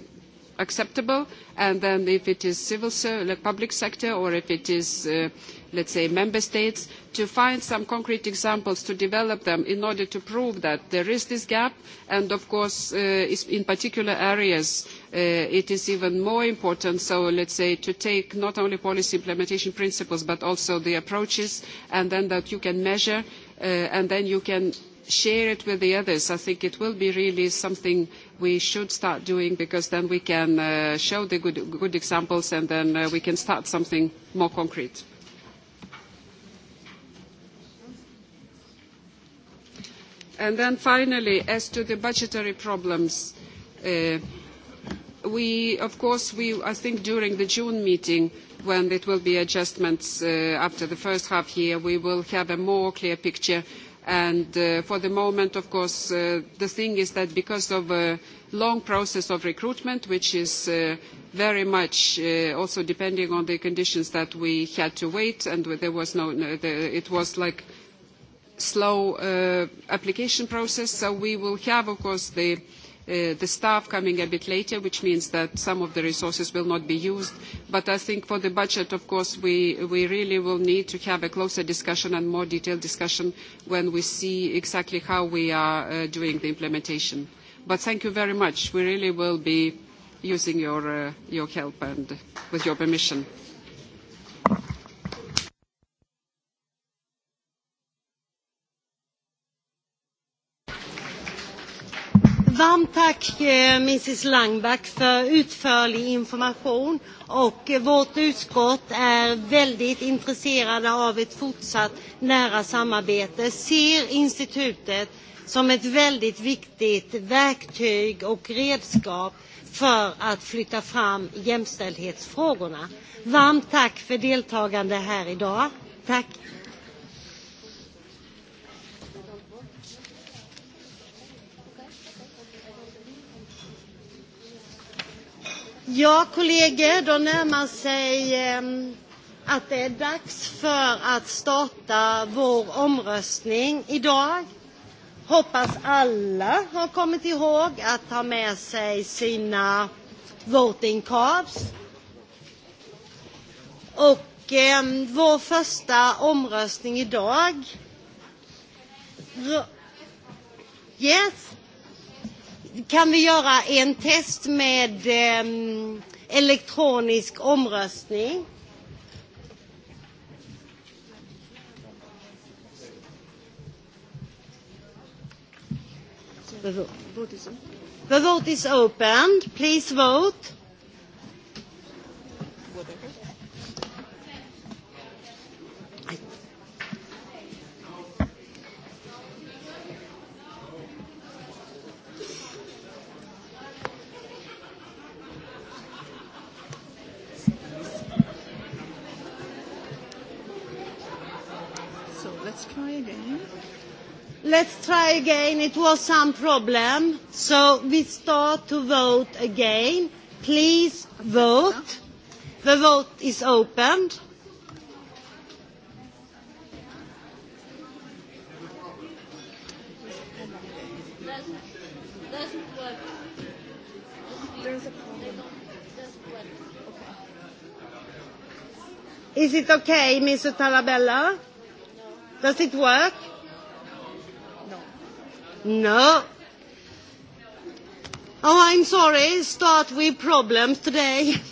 acceptable and then if it is civil the public sector or if it is uh, let's say member states to find some concrete examples to develop them in order to prove that there is this gap and of course uh, in particular areas uh, it is even more important so let's say to take not only policy implementation principles but also the approaches and then that you can measure uh, and then you can share it with the others. I think it will be really something we should start doing because then we can uh, show the good, examples and then uh, we can start something more concrete. And then finally, as to the budgetary problems, uh, we, of course, we, I think during the June meeting, when it will be adjustments after the first half year, we will have a more clear picture And uh, for the moment, of course, uh, the thing is that because of a long process of recruitment, which is uh, very much also depending on the conditions that we had to wait, and there was no, no the, it was like slow application process. So we will have, of course, the Uh, the staff coming a bit later, which means that some of the resources will not be used. But I think for the budget, of course, we, we really will need to have a closer discussion and more detailed discussion when we see exactly how we are uh, doing the implementation. But thank you very much. We really will be using your uh, help and with your permission. Varmt tack eh, Mrs Langback för utförlig information och eh, vårt utskott är väldigt intresserade av ett fortsatt nära samarbete. Ser institutet som ett väldigt viktigt verktyg och redskap för att flytta fram jämställdhetsfrågorna. Varmt tack för deltagande här idag. Tack! Ja, kollegor, då närmar sig ehm, att det är dags för att starta vår omröstning idag. Hoppas alla har kommit ihåg att ta med sig sina voting cards. Och eh, vår första omröstning idag... Yes? kan vi göra en test med eh, elektronisk omröstning? The vote is opened. Please vote. Let's try again. It was some problem. So we start to vote again. Please vote. The vote is opened. Is it okay, Mr. Tarabella? Does it work? No. No. Oh, I'm sorry. Start with problems today.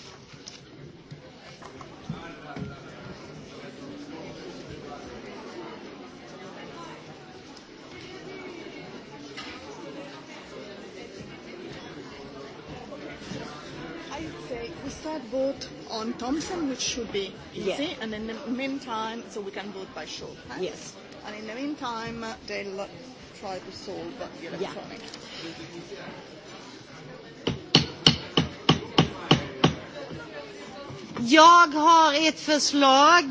on Thompson, which should be easy, yeah. and in the meantime, so we can vote by show hands. Yes. And in the meantime, they'll try to solve the electronic. Yeah. Jag har ett förslag.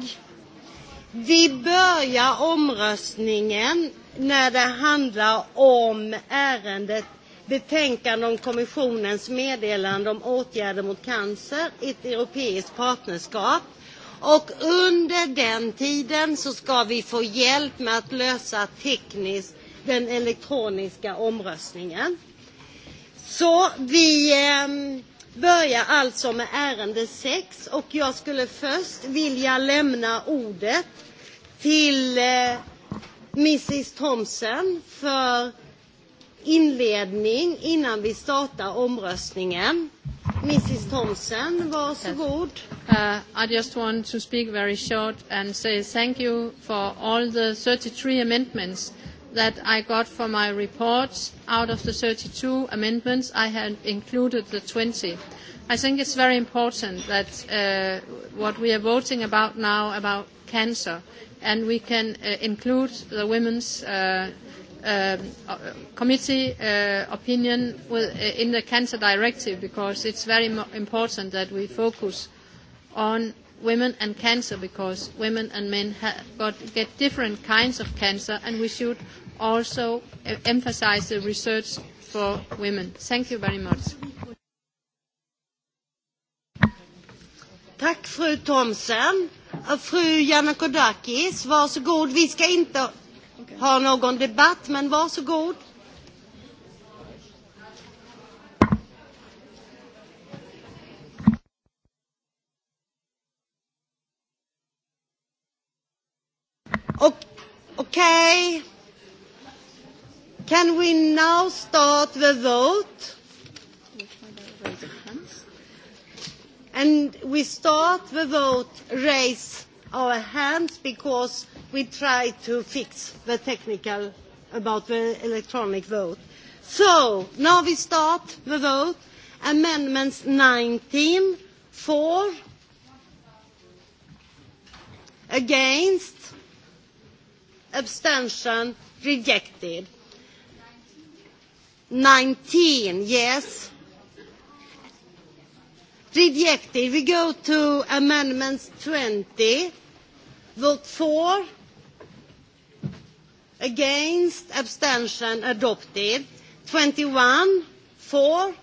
Vi börjar omröstningen när det handlar om ärendet betänkande om kommissionens meddelande om åtgärder mot cancer, ett europeiskt partnerskap. Och under den tiden så ska vi få hjälp med att lösa tekniskt den elektroniska omröstningen. Så vi ehm, börjar alltså med ärende 6 och jag skulle först vilja lämna ordet till eh, Mrs Thomsen för inledning innan vi startar omröstningen. Mrs Thompson, varsågod. Uh, I just want to speak very short and say thank you for all the 33 amendments that I got for my report. Out of the 32 amendments, I had included the 20. I think it's very important that uh, what we are voting about now about cancer, and we can uh, include the women's uh, um, uh, committee uh, opinion with, uh, in the cancer directive because it's very important that we focus on women and cancer because women and men got, get different kinds of cancer and we should also emphasise emphasize the research for women. Thank you very much. Tack fru Thomsen. Fru varsågod. Vi ska inte ha någon debatt, men varsågod. Okay. Can we now start the vote? And we start the vote, raise our hands because we try to fix the technical about the electronic vote. So now we start the vote. Amendments 19 for, against, abstention, rejected. 19, yes. Rejected. We go to amendments 20 Vote for, against, abstention, adopted. 21 for,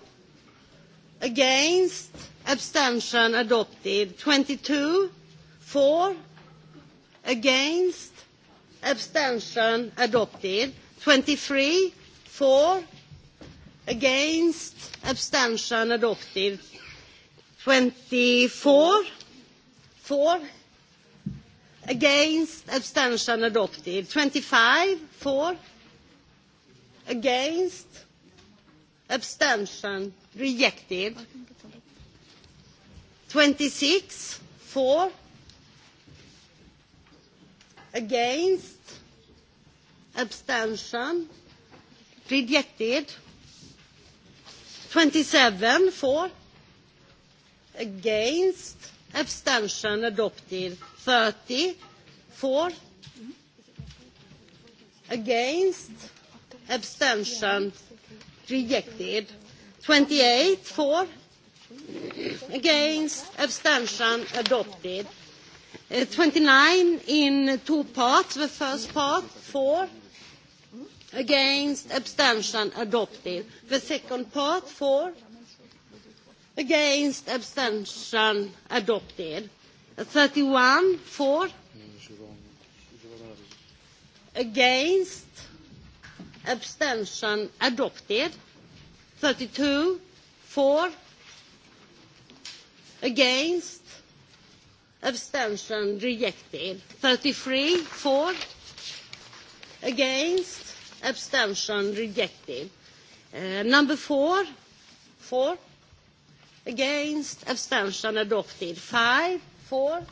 against, abstention, adopted. 22 for, against, abstention, adopted. 23 for, against, abstention, adopted. 24 for, Against, abstention adopted. 25, for. Against, abstention rejected. 26, for. Against, abstention rejected. 27, for. Against, abstention adopted. 30 for against abstention rejected 28 for against abstention adopted uh, 29 in two parts the first part for against abstention adopted the second part for against abstention adopted 31 for against abstention adopted 32 for against abstention rejected 33 for against abstention rejected uh, number 4 for against abstention adopted 5 Four.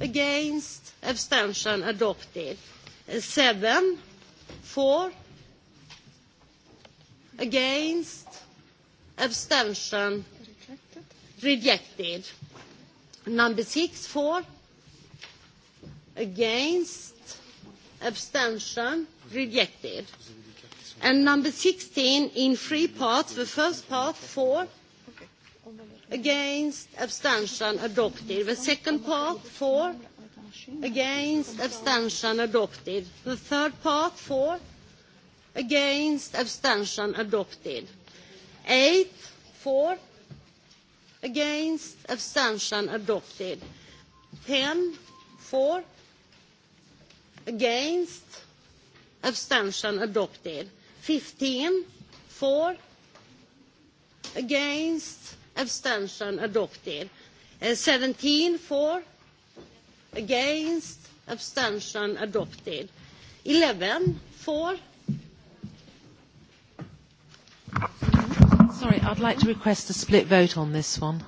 Against. Abstention adopted. Seven. For. Against. Abstention rejected. Number six. For. Against. Abstention rejected. And number 16 in three parts. The first part, four against, abstention adopted. The second part, for, against, abstention adopted. The third part, for, against, abstention adopted. Eight, for, against, abstention adopted. Ten, for, against, abstention adopted. Fifteen, for, against, abstention adopted. Uh, 17 for, against, abstention adopted. 11 for. Sorry, I'd like to request a split vote on this one.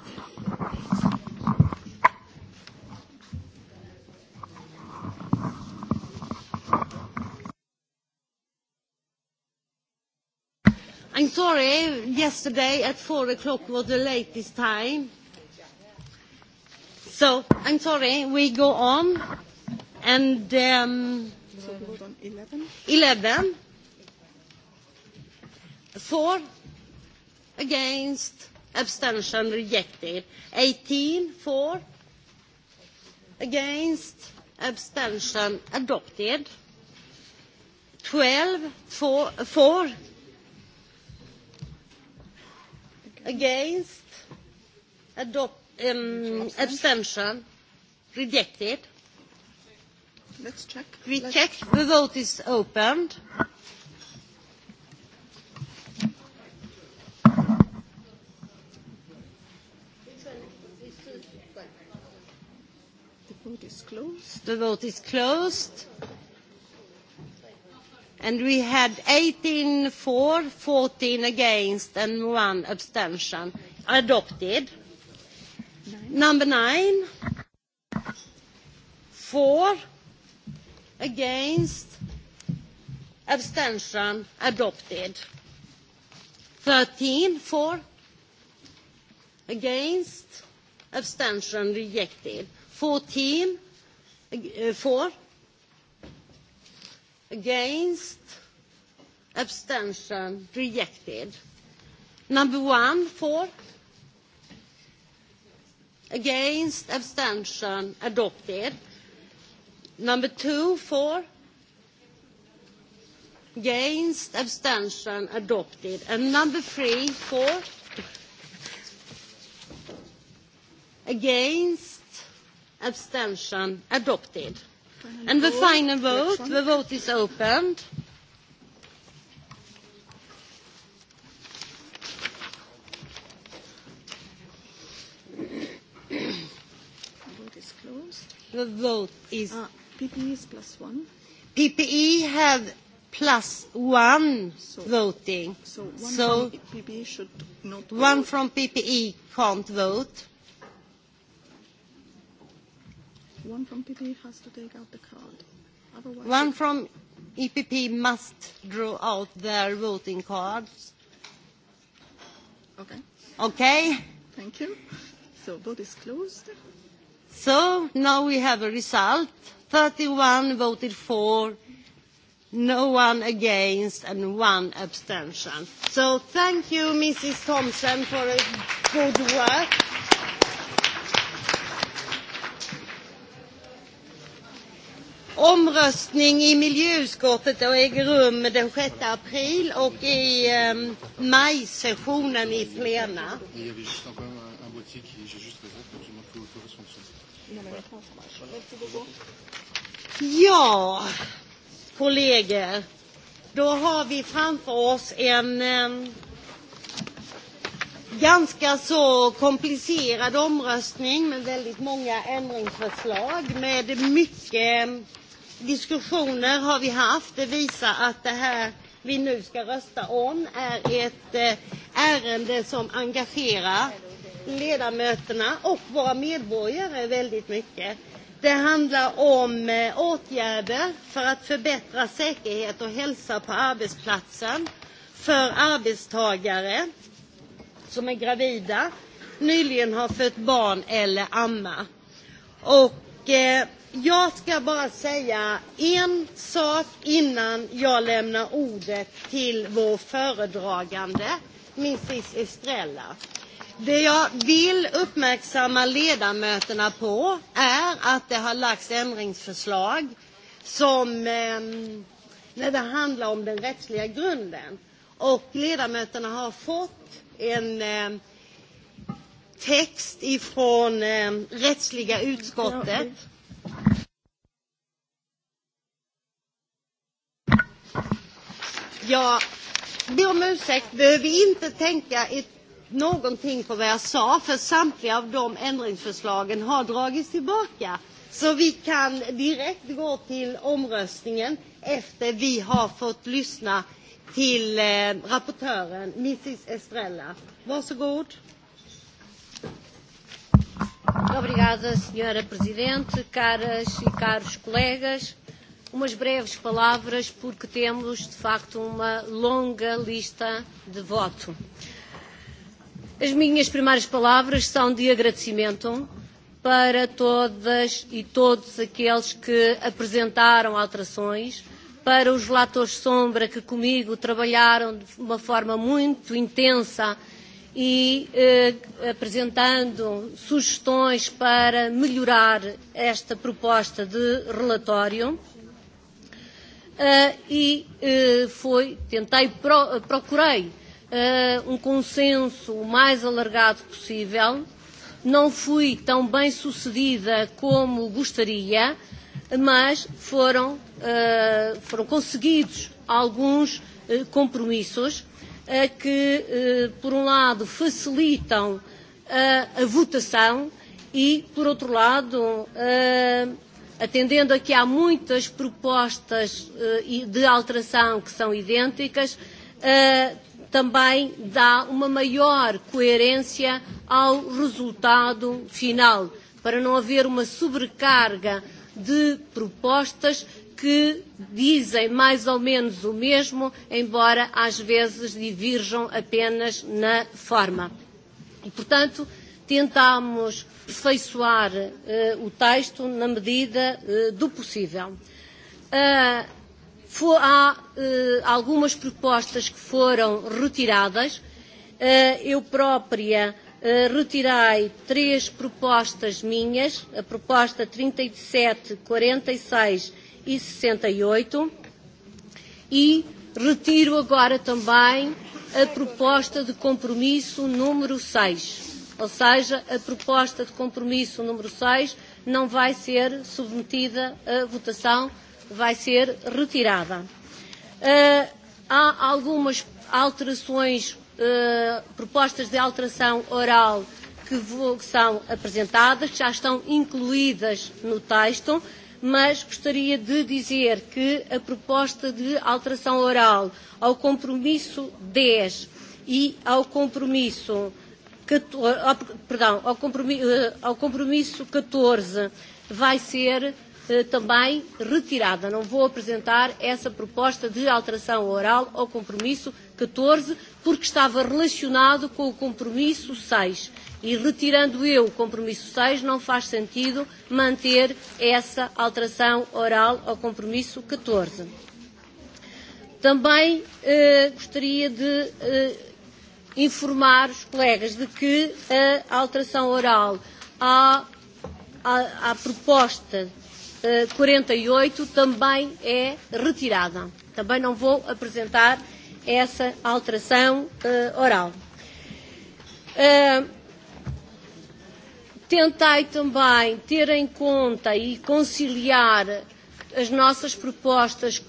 I'm sorry, yesterday at four o'clock was the latest time. So I'm sorry, we go on. And um, so 11? 11. Four against, abstention rejected. 18, for, against, abstention adopted. 12, for, for Against? Adopt, um, abstention? abstention Rejected? Let's check. We Let's check. The vote is opened. The vote is closed. The vote is closed and we had 18 for, 14 against, and one abstention. Adopted. Number nine, four against, abstention, adopted. 13 four. against, abstention, rejected. 14 uh, four. Against? Abstention? Rejected. Number one, for? Against? Abstention? Adopted. Number two, for? Against? Abstention? Adopted. And number three, for? Against? Abstention? Adopted. And the final vote, the vote is opened. The vote is. Uh, ah, PPE is plus one. PPE have plus one so, voting. So one so from PPE should not. One vote. from PPE can't vote. One from PP has to take out the card. Otherwise One from EPP must draw out their voting cards. Okay. Okay. Thank you. So vote is closed. So now we have a result. 31 voted for, no one against, and one abstention. So thank you, Mrs. Thompson, for a good work. Omröstning i miljöutskottet äger rum den 6 april och i eh, majsessionen i plena. Ja, kollegor, då har vi framför oss en eh, ganska så komplicerad omröstning med väldigt många ändringsförslag med mycket ehm, diskussioner har vi haft. Det visar att det här vi nu ska rösta om är ett eh, ärende som engagerar ledamöterna och våra medborgare väldigt mycket. Det handlar om eh, åtgärder för att förbättra säkerhet och hälsa på arbetsplatsen för arbetstagare som är gravida, nyligen har fött barn eller ammar. Och eh, Jag ska bara säga en sak innan jag lämnar ordet till vår föredragande, Mrs Estrella. Det jag vill uppmärksamma ledamöterna på är att det har lagts ändringsförslag som, eh, när det handlar om den rättsliga grunden. Och ledamöterna har fått en eh, text ifrån eh, rättsliga utskottet Jag ber om ursäkt, behöver inte tänka i någonting på vad jag sa, för samtliga av de ändringsförslagen har dragits tillbaka. Så vi kan direkt gå till omröstningen efter vi har fått lyssna till eh, rapportören, Mrs Estrella. Varsågod. Obrigada, Senhora Presidente, caras e caros colegas umas breves palavras, porque temos, de facto, uma longa lista de voto. As minhas primeiras palavras são de agradecimento para todas e todos aqueles que apresentaram alterações, para os relatores sombra que comigo trabalharam de uma forma muito intensa e eh, apresentando sugestões para melhorar esta proposta de relatório uh, e uh, foi, tentei, pro, eh, procurei uh, um consenso o mais alargado possível. Não fui tão bem sucedida como gostaria, mas foram, uh, foram conseguidos alguns uh, compromissos uh, que, uh, por um lado, facilitam uh, a votação e, por outro lado, uh, atendendo a que há muitas propostas eh, e de alteração que são idênticas, eh, também dá uma maior coerência ao resultado final, para não haver uma sobrecarga de propostas que dizem mais ou menos o mesmo, embora às vezes divirjam apenas na forma. E, portanto, tentámos feiçoar uh, o texto na medida uh, do possível. Uh, eh, foi, há uh, algumas propostas que foram retiradas. Uh, eu própria uh, retirei três propostas minhas, a proposta 37, 46 e 68, e, e, e, e retiro agora também a proposta de compromisso número 6. Ou seja, a proposta de compromisso número 6 não vai ser submetida à votação, vai ser retirada. Uh, há algumas alterações, uh, propostas de alteração oral que, vou, que são apresentadas, que já estão incluídas no texto, mas gostaria de dizer que a proposta de alteração oral ao compromisso 10 e ao compromisso perdão, ao compromisso, eh, ao compromisso 14 vai ser eh, também retirada. Não vou apresentar essa proposta de alteração oral ao compromisso 14, porque estava relacionado com o compromisso 6. E retirando eu o compromisso 6, não faz sentido manter essa alteração oral ao compromisso 14. Também eh, gostaria de eh, informar os colegas de que a alteração oral à, à, à proposta 48 eh, e também é retirada. Também não vou apresentar essa alteração uh, oral. Uh, tentei também ter em conta e conciliar as nossas propostas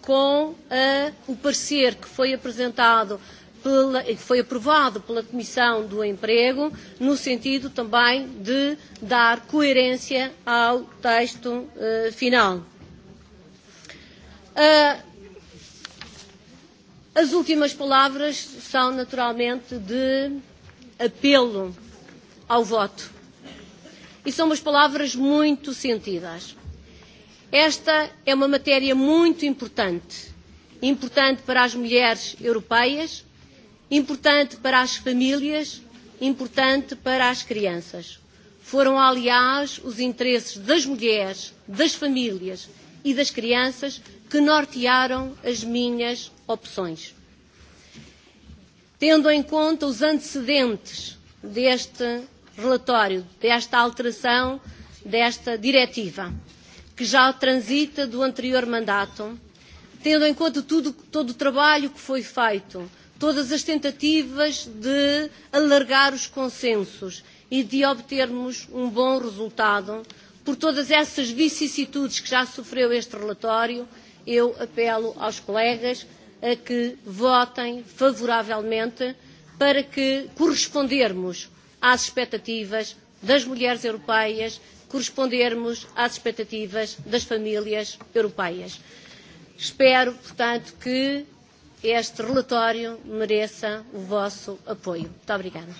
com uh, o parecer que foi apresentado pela, e que foi aprovado pela Comissão do Emprego, no sentido também de dar coerência ao texto uh, final. Uh, as últimas palavras são naturalmente de apelo ao voto. E são umas palavras muito sentidas. Esta é uma matéria muito importante. Importante para as mulheres europeias, importante para as famílias, importante para as crianças. Foram, aliás, os interesses das mulheres, das famílias e das crianças que nortearam as minhas opções. Tendo em conta os antecedentes deste relatório, desta alteração desta diretiva, que já transita do anterior mandato, tendo em conta tudo, todo o trabalho que foi feito todas as tentativas de alargar os consensos e de obtermos um bom resultado. Por todas essas vicissitudes que já sofreu este relatório, eu apelo aos colegas a que votem favoravelmente para que correspondermos às expectativas das mulheres europeias, correspondermos às expectativas das famílias europeias. Espero, portanto, que este relatório mereça o vosso apoio. Muito obrigada.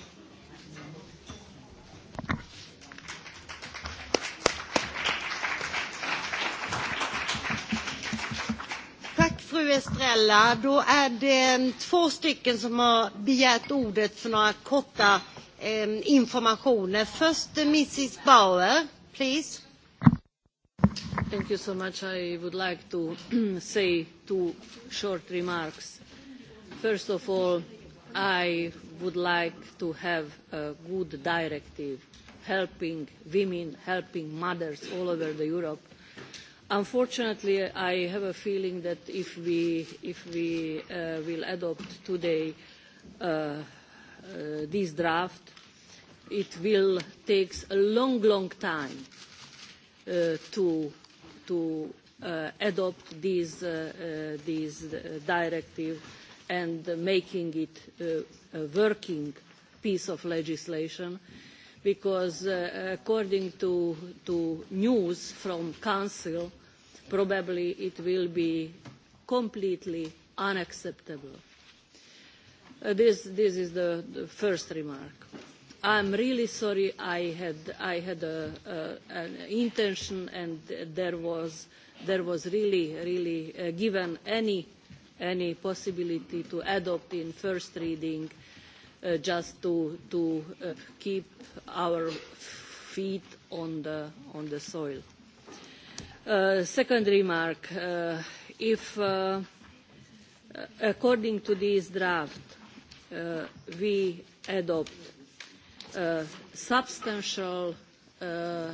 fru Estrella. Då är det eh, två stycken som har begärt ordet för några korta eh, informationer. Först eh, Mrs Bauer, please. Thank you so much. I would like to say two short remarks. First of all, I would like to have a good directive helping women, helping mothers all over Europe. Unfortunately, I have a feeling that if we, if we uh, will adopt today uh, uh, this draft, it will take a long, long time Uh, to, uh, adopt this, uh, this directive and making it a working piece of legislation because uh, according to, to news from council probably it will be completely unacceptable. Uh, this, this is the, the first remark. I'm really sorry I had, I had a, a, an intention and there was, there was really, really uh, given any, any possibility to adopt in first reading uh, just to, to uh, keep our feet on the, on the soil. Uh, second remark, uh, if uh, uh according to this draft uh, we adopt substantial uh,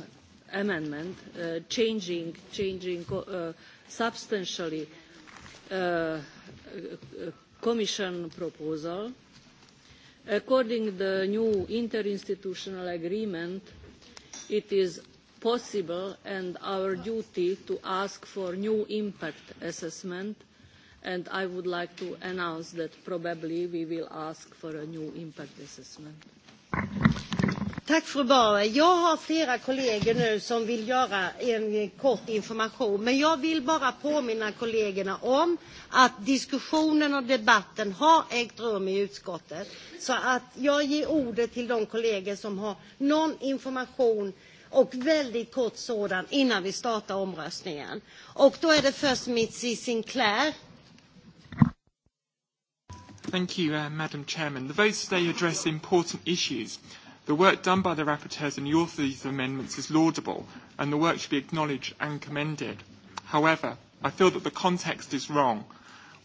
amendment uh, changing, changing uh, substantially uh, Commission proposal. According to the new interinstitutional agreement, it is possible and our duty to ask for new impact assessment and I would like to announce that probably we will ask for a new impact assessment. Tack fru Bauer. Jag har flera kollegor nu som vill göra en kort information. Men jag vill bara påminna kollegorna om att diskussionen och debatten har ägt rum i utskottet. Så att jag ger ordet till de kollegor som har någon information och väldigt kort sådan innan vi startar omröstningen. Och då är det först Mitzi Sinclair Thank you, uh, Madam Chairman. The votes today address important issues. The work done by the rapporteurs and the authors of these amendments is laudable, and the work should be acknowledged and commended. However, I feel that the context is wrong.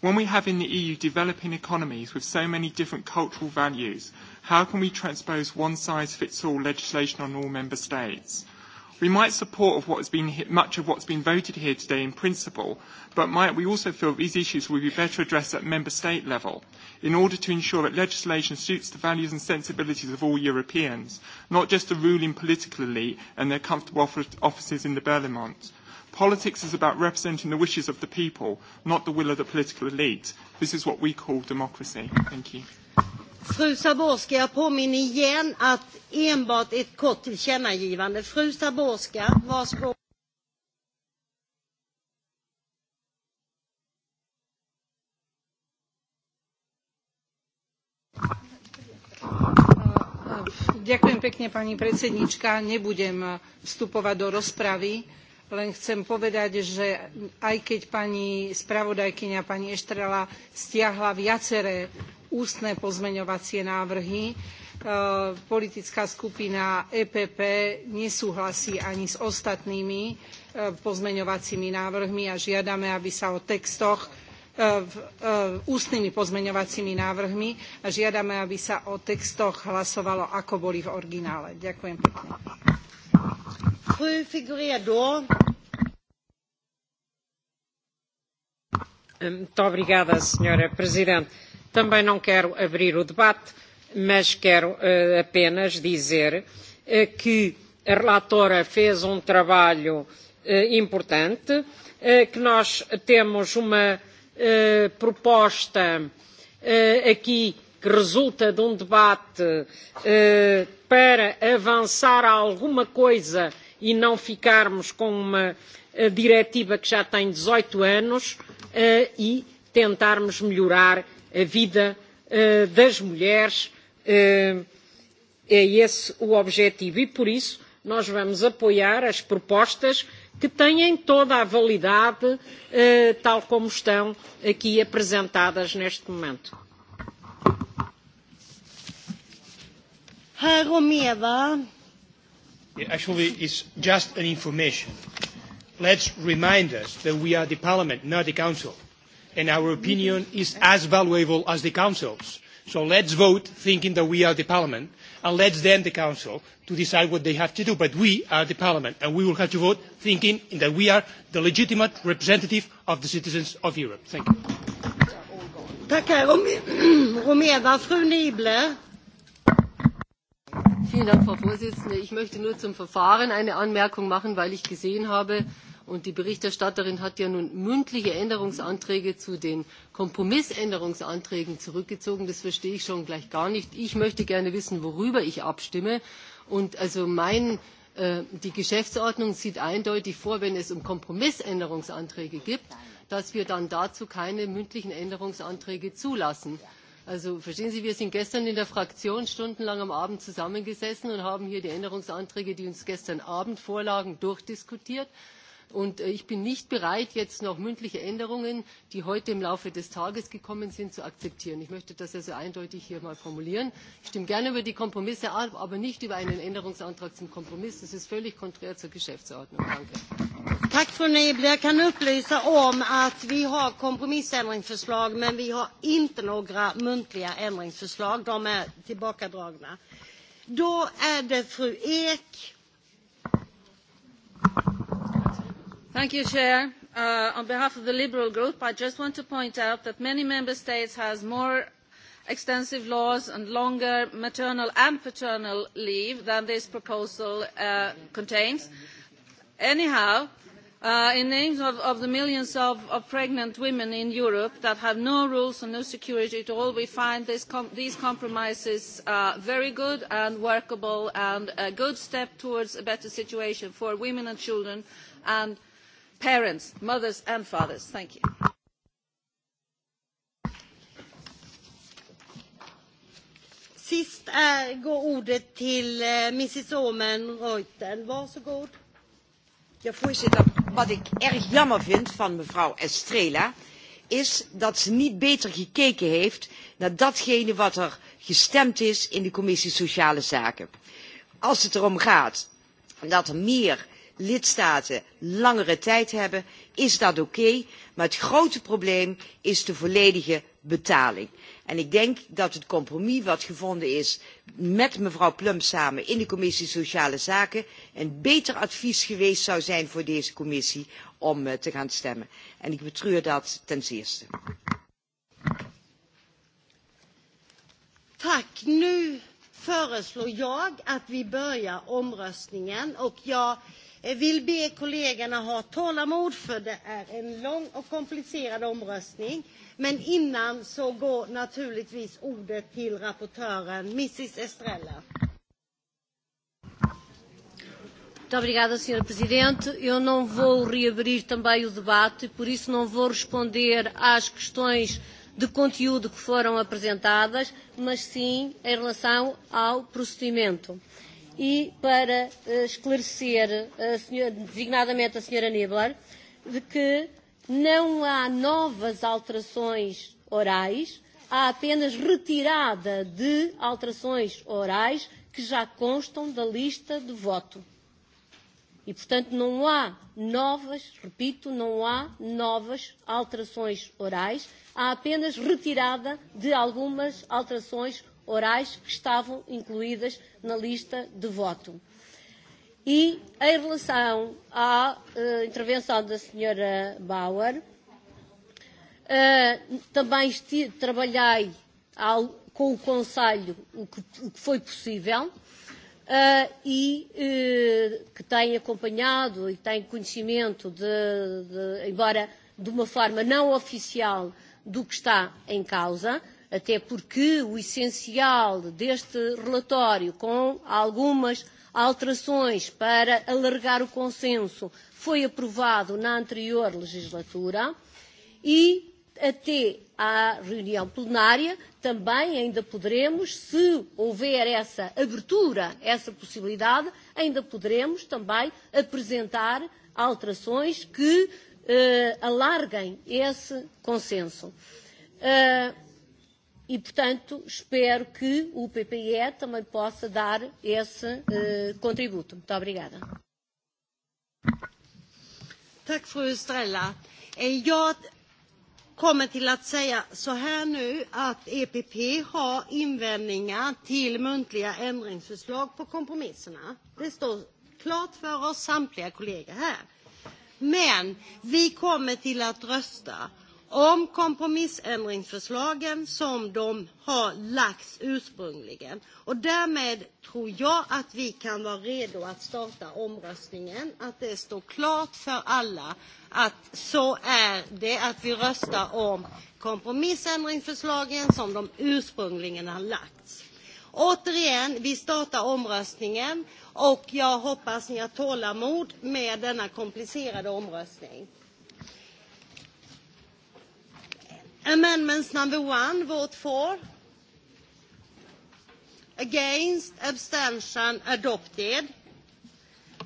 When we have in the EU developing economies with so many different cultural values, how can we transpose one-size-fits-all legislation on all member states? We might support of what has been, much of what's been voted here today in principle, but might we also feel these issues will be better addressed at member state level in order to ensure that legislation suits the values and sensibilities of all Europeans, not just the ruling political elite and their comfortable offices in the Berlimont. Politics is about representing the wishes of the people, not the will of the political elite. This is what we call democracy. Thank you. Fru Saborska, jag påminner igen att enbart ett kort tillkännagivande. Fru Saborska, varsågod. Ďakujem pekne, pani predsednička. Nebudem vstupovať do rozpravy, len chcem povedať, že aj keď pani spravodajkyňa, pani Eštrela, stiahla viaceré ústne pozmeňovacie návrhy. E, politická skupina EPP nesúhlasí ani s ostatnými e, pozmeňovacími návrhmi a žiadame, aby sa o textoch e, ústnymi pozmeňovacími návrhmi a žiadame, aby sa o textoch hlasovalo, ako boli v originále. Ďakujem pekne. Também não quero abrir o debate, mas quero eh, apenas dizer eh, que a relatora fez um trabalho eh, importante, que nós temos uma proposta aqui que resulta de um debate para avançar alguma coisa e não ficarmos com uma diretiva que já tem dezoito anos e tentarmos melhorar a vida eh, das mulheres. Eh, é esse o objetivo e, por isso, nós vamos apoiar as propostas que têm toda a validade, eh, tal como estão aqui apresentadas neste momento. Actually, it's just an information. Let's remind us that we are the Parliament, not the Council and our opinion is as valuable as the Council's. So let's vote thinking that we are the Parliament, and let's then the Council to decide what they have to do. But we are the Parliament, and we will have to vote thinking that we are the legitimate representative of the citizens of Europe. Thank you. Vielen Dank, Frau Vorsitzende. Ich möchte nur zum Verfahren eine Anmerkung machen, weil ich gesehen habe, und die berichterstatterin hat ja nun mündliche änderungsanträge zu den kompromissänderungsanträgen zurückgezogen das verstehe ich schon gleich gar nicht. ich möchte gerne wissen worüber ich abstimme und also äh, die geschäftsordnung sieht eindeutig vor wenn es um kompromissänderungsanträge geht dass wir dann dazu keine mündlichen änderungsanträge zulassen. Also, verstehen sie wir sind gestern in der fraktion stundenlang am abend zusammengesessen und haben hier die änderungsanträge die uns gestern abend vorlagen durchdiskutiert. Und äh, ich bin nicht bereit, jetzt noch mündliche Änderungen, die heute im Laufe des Tages gekommen sind, zu akzeptieren. Ich möchte das also eindeutig hier mal formulieren. Ich stimme gerne über die Kompromisse ab, aber nicht über einen Änderungsantrag zum Kompromiss. Das ist völlig konträr zur Geschäftsordnung. Danke. You, uh, on behalf of the liberal group i just want to point out that many member states have more extensive laws and longer maternal and paternal leave than this proposal uh, contains. anyhow uh, in the name of, the millions of, pregnant women in europe that have no rules and no security at all we find these compromises very good and workable and a good step towards a better situation for women and children and parents mothers and fathers. thank you. Eh, voorzitter, wat ik erg jammer vind van mevrouw Estrela is dat ze niet beter gekeken heeft naar datgene wat er gestemd is in de commissie Sociale Zaken. Als het erom gaat dat er meer lidstaten langere tijd hebben is dat oké okay, maar het grote probleem is de volledige betaling. En ik denk dat het compromis dat gevonden is met mevrouw Plum samen in de commissie Sociale Zaken een beter advies geweest zou zijn voor deze commissie om eh, te gaan stemmen. En ik betreur dat ten zeerste. Tack. Nu föreslår jag att vi börjar omröstningen och jag vill be kollegorna ha tålamod för det är en lång och komplicerad omröstning. Men innan så går naturligtvis ordet till rapportören, Mrs Estrella. Muito obrigada, Sr. Presidente. Eu não vou reabrir também o debate, por isso não vou responder às questões de conteúdo que foram apresentadas, mas sim em relação ao procedimento. Uh, e para eh, esclarecer, a senhora, designadamente a senhora Nibler, de que não há novas alterações orais, há apenas retirada de alterações orais que já constam da lista de voto. E, portanto, não há novas, repito, não há novas alterações orais, há apenas retirada de algumas alterações orais que estavam incluídas na lista de voto. E em relação à uh, intervenção da senhora Bauer, uh, também trabalhei ao, com o Conselho o que, o que foi possível uh, e uh, que tem acompanhado e tem conhecimento, de, de, embora de uma forma não oficial, do que está em causa até porque o essencial deste relatório, com algumas alterações para alargar o consenso, foi aprovado na anterior legislatura e até à reunião plenária também ainda poderemos, se houver essa abertura, essa possibilidade, ainda poderemos também apresentar alterações que eh, alarguem esse consenso. Uh, e, portanto, espero que o PPE também possa dar esse uh, contributo. Muito obrigada. Tack fru Estrella. Eh, jag kommer till att säga så här nu att EPP har invändningar till muntliga ändringsförslag på kompromisserna. Det står klart för oss samtliga kollegor här. Men vi kommer till att rösta om kompromissändringsförslagen som de har lagts ursprungligen. Och därmed tror jag att vi kan vara redo att starta omröstningen, att det står klart för alla att så är det, att vi röstar om kompromissändringsförslagen som de ursprungligen har lagts. Återigen, vi startar omröstningen och jag hoppas ni har tålamod med denna komplicerade omröstning. Amendments number one, vote for. Against, abstention, adopted.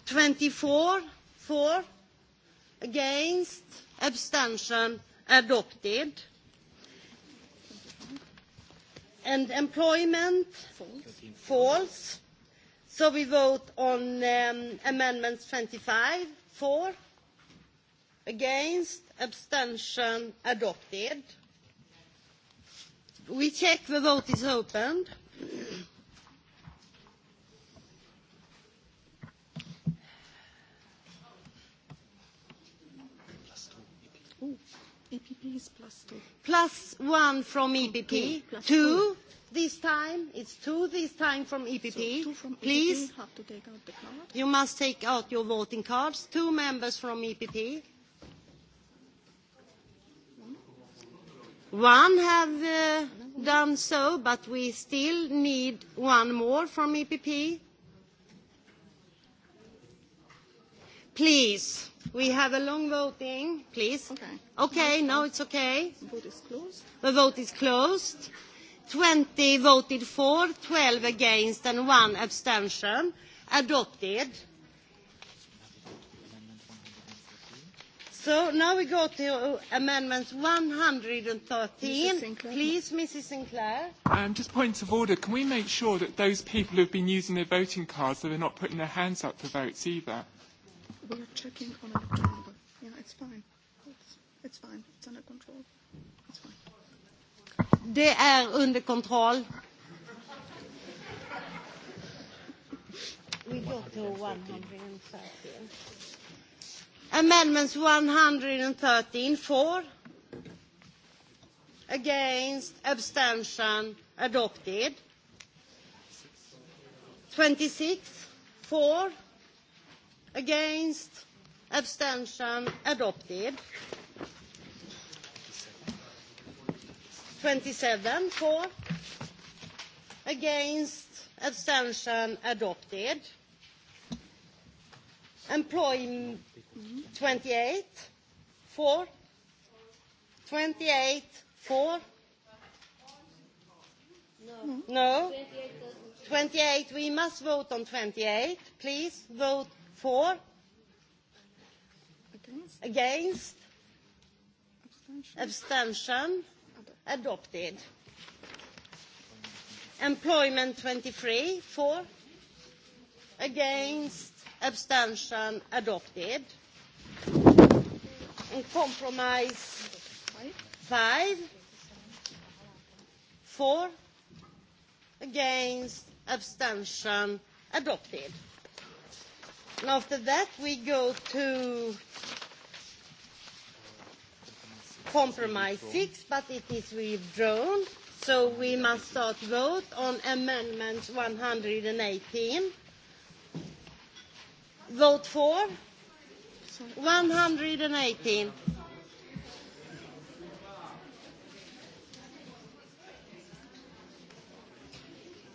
24, for. Against, abstention, adopted. And employment, false. So we vote on um, amendments 25, for. Against, abstention, adopted. We check the vote is opened. EPP is plus two. Plus one from EPP. Two. two. two this time. It's two this time from EPP. So two from e Please. EPP have to take out the card. You must take out your voting cards. Two members from EPP. One have uh, done so, but we still need one more from EPP. Please, we have a long voting, please. Okay. Okay, no, it's okay. The vote is closed. The vote is closed. 20 voted for, 12 against, and one abstention. Adopted. So now we go to amendments 113. Mrs. Please, Mrs. Sinclair. Um, just points of order. Can we make sure that those people who have been using their voting cards, that they're not putting their hands up for votes either? We're checking on electronic. Yeah, it's fine. It's, it's fine. It's under control. It's fine. Det är er under control. We go to 113. Amendments 113 for, against, abstention, adopted. 26 for, against, abstention, adopted. 27 for, against, abstention, adopted. Employment 28 4 28 4 no. no 28 we must vote on 28 please vote for against, abstention, abstention. adopted employment 23 for against abstention adopted in compromise five, four, against, abstention, adopted. And after that, we go to compromise six, but it is withdrawn. So we must start vote on amendment 118. Vote for. 118.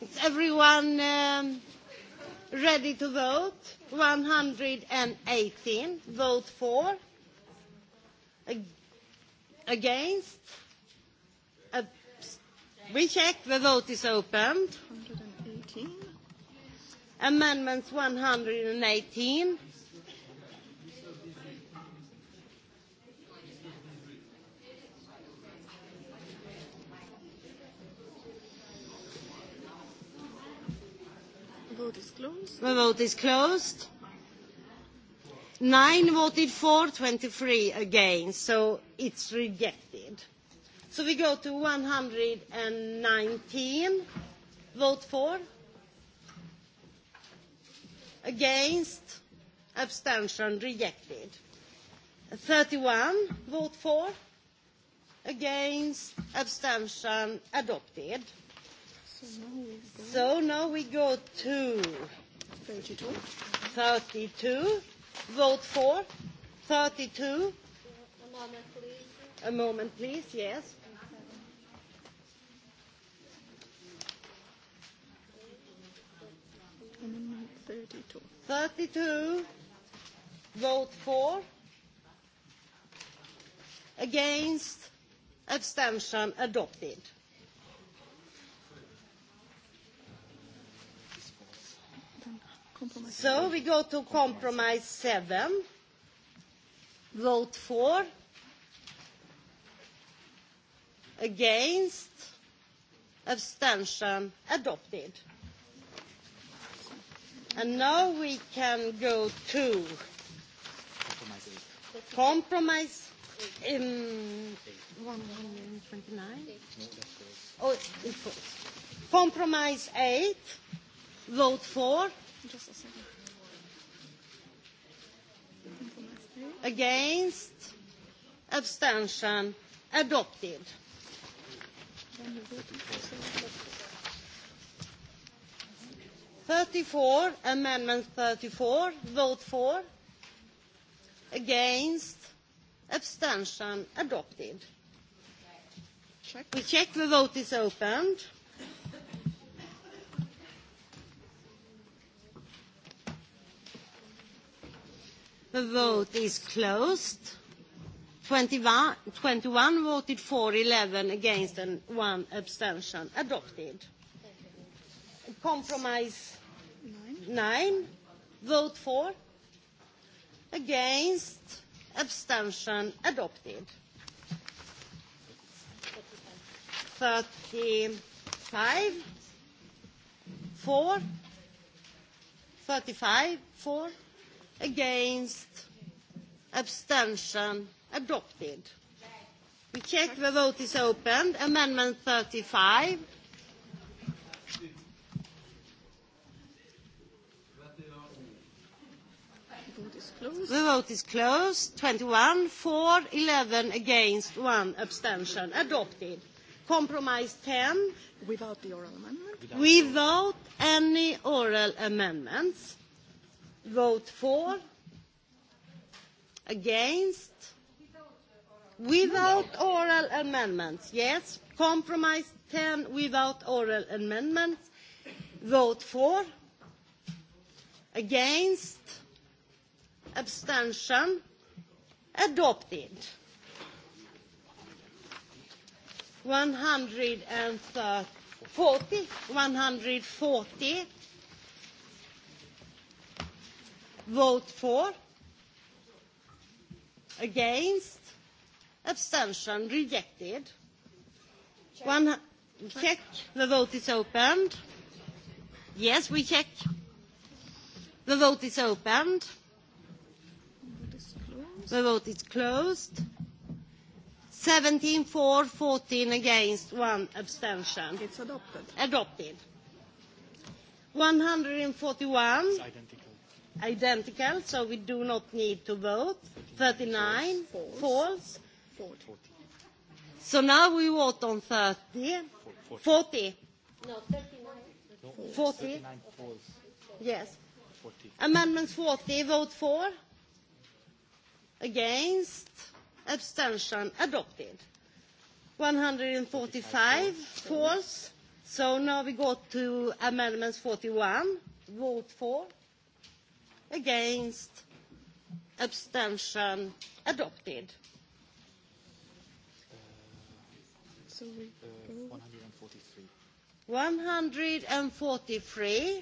Is everyone um, ready to vote? 118. Vote for. Ag against. Uh, we check. The vote is opened. 118. Amendments 118. The vote is closed. Nine voted for, 23 against, so it's rejected. So we go to 119. Vote for. Against. Abstention rejected. 31. Vote for. Against. Abstention adopted. So now we go to 32. 32. Vote for. 32. A moment, please. A moment, please. Yes. Thirty-two. Vote for. Against. Abstention adopted. Compromise so we go to compromise seven. Vote for. Against. Abstention. Adopted. And now we can go to compromise in one, one minute, 29. Oh, compromise eight. Vote for Just a second. Against? Abstention? Adopted. Thirty four, Amendment thirty four, vote for. Against? Abstention? Adopted. Check. We check the vote is opened. The vote is closed. 21, 21 voted for, 11 against, and one abstention. Adopted. Compromise nine. nine. Vote for. Against. Abstention. Adopted. 35. For. 35. For. Against? Abstention? Adopted. We check the vote is opened. Amendment 35. The vote is closed. 21 for, 11 against, 1 abstention. Adopted. Compromise 10. Without the oral amendment? Without, Without any oral amendments vote for against without oral amendments yes compromise 10 without oral amendments vote for against abstention adopted 140 140 vote for against abstention rejected check. one check the vote is opened yes we check the vote is opened the vote is closed 17 for 14 against one abstention it's adopted adopted 141 it's identical identical, so we do not need to vote. 39, false. So now we vote on 30. 40. 40. No, 39. 40. 39 Yes. 40. Amendment 40, vote for. Against. Abstention. Adopted. 145, false. So now we go to amendments 41. Vote for against abstention adopted so uh, 143 143 uh,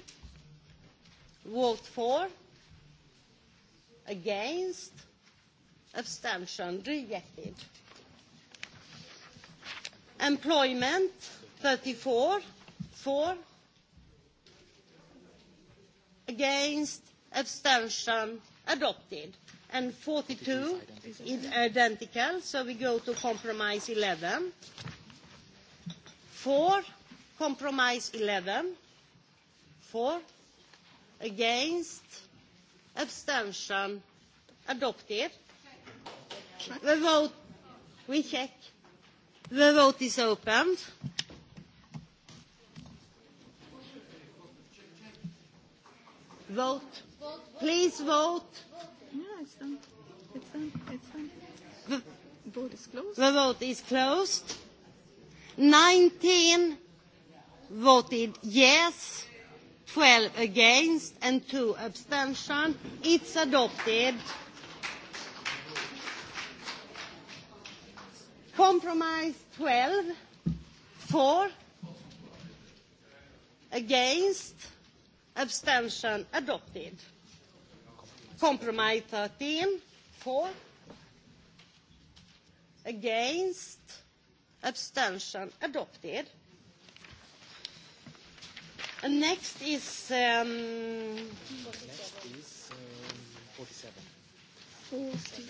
vote for against abstention rejected employment 34 for against abstention adopted. And 42 is identical. so we go to compromise 11. 4, compromise 11. 4, against, abstention adopted. The vote, we check. The vote is opened. Vote Please vote. No, it's done. It's done. It's done. The hm. vote is closed. The vote is closed. 19 voted yes, 12 against, and 2 abstention. It's adopted. Compromise 12, 4, against, abstention adopted. Compromise 13, for, against, abstention, adopted. And next is... Um, next is um, 47. 47.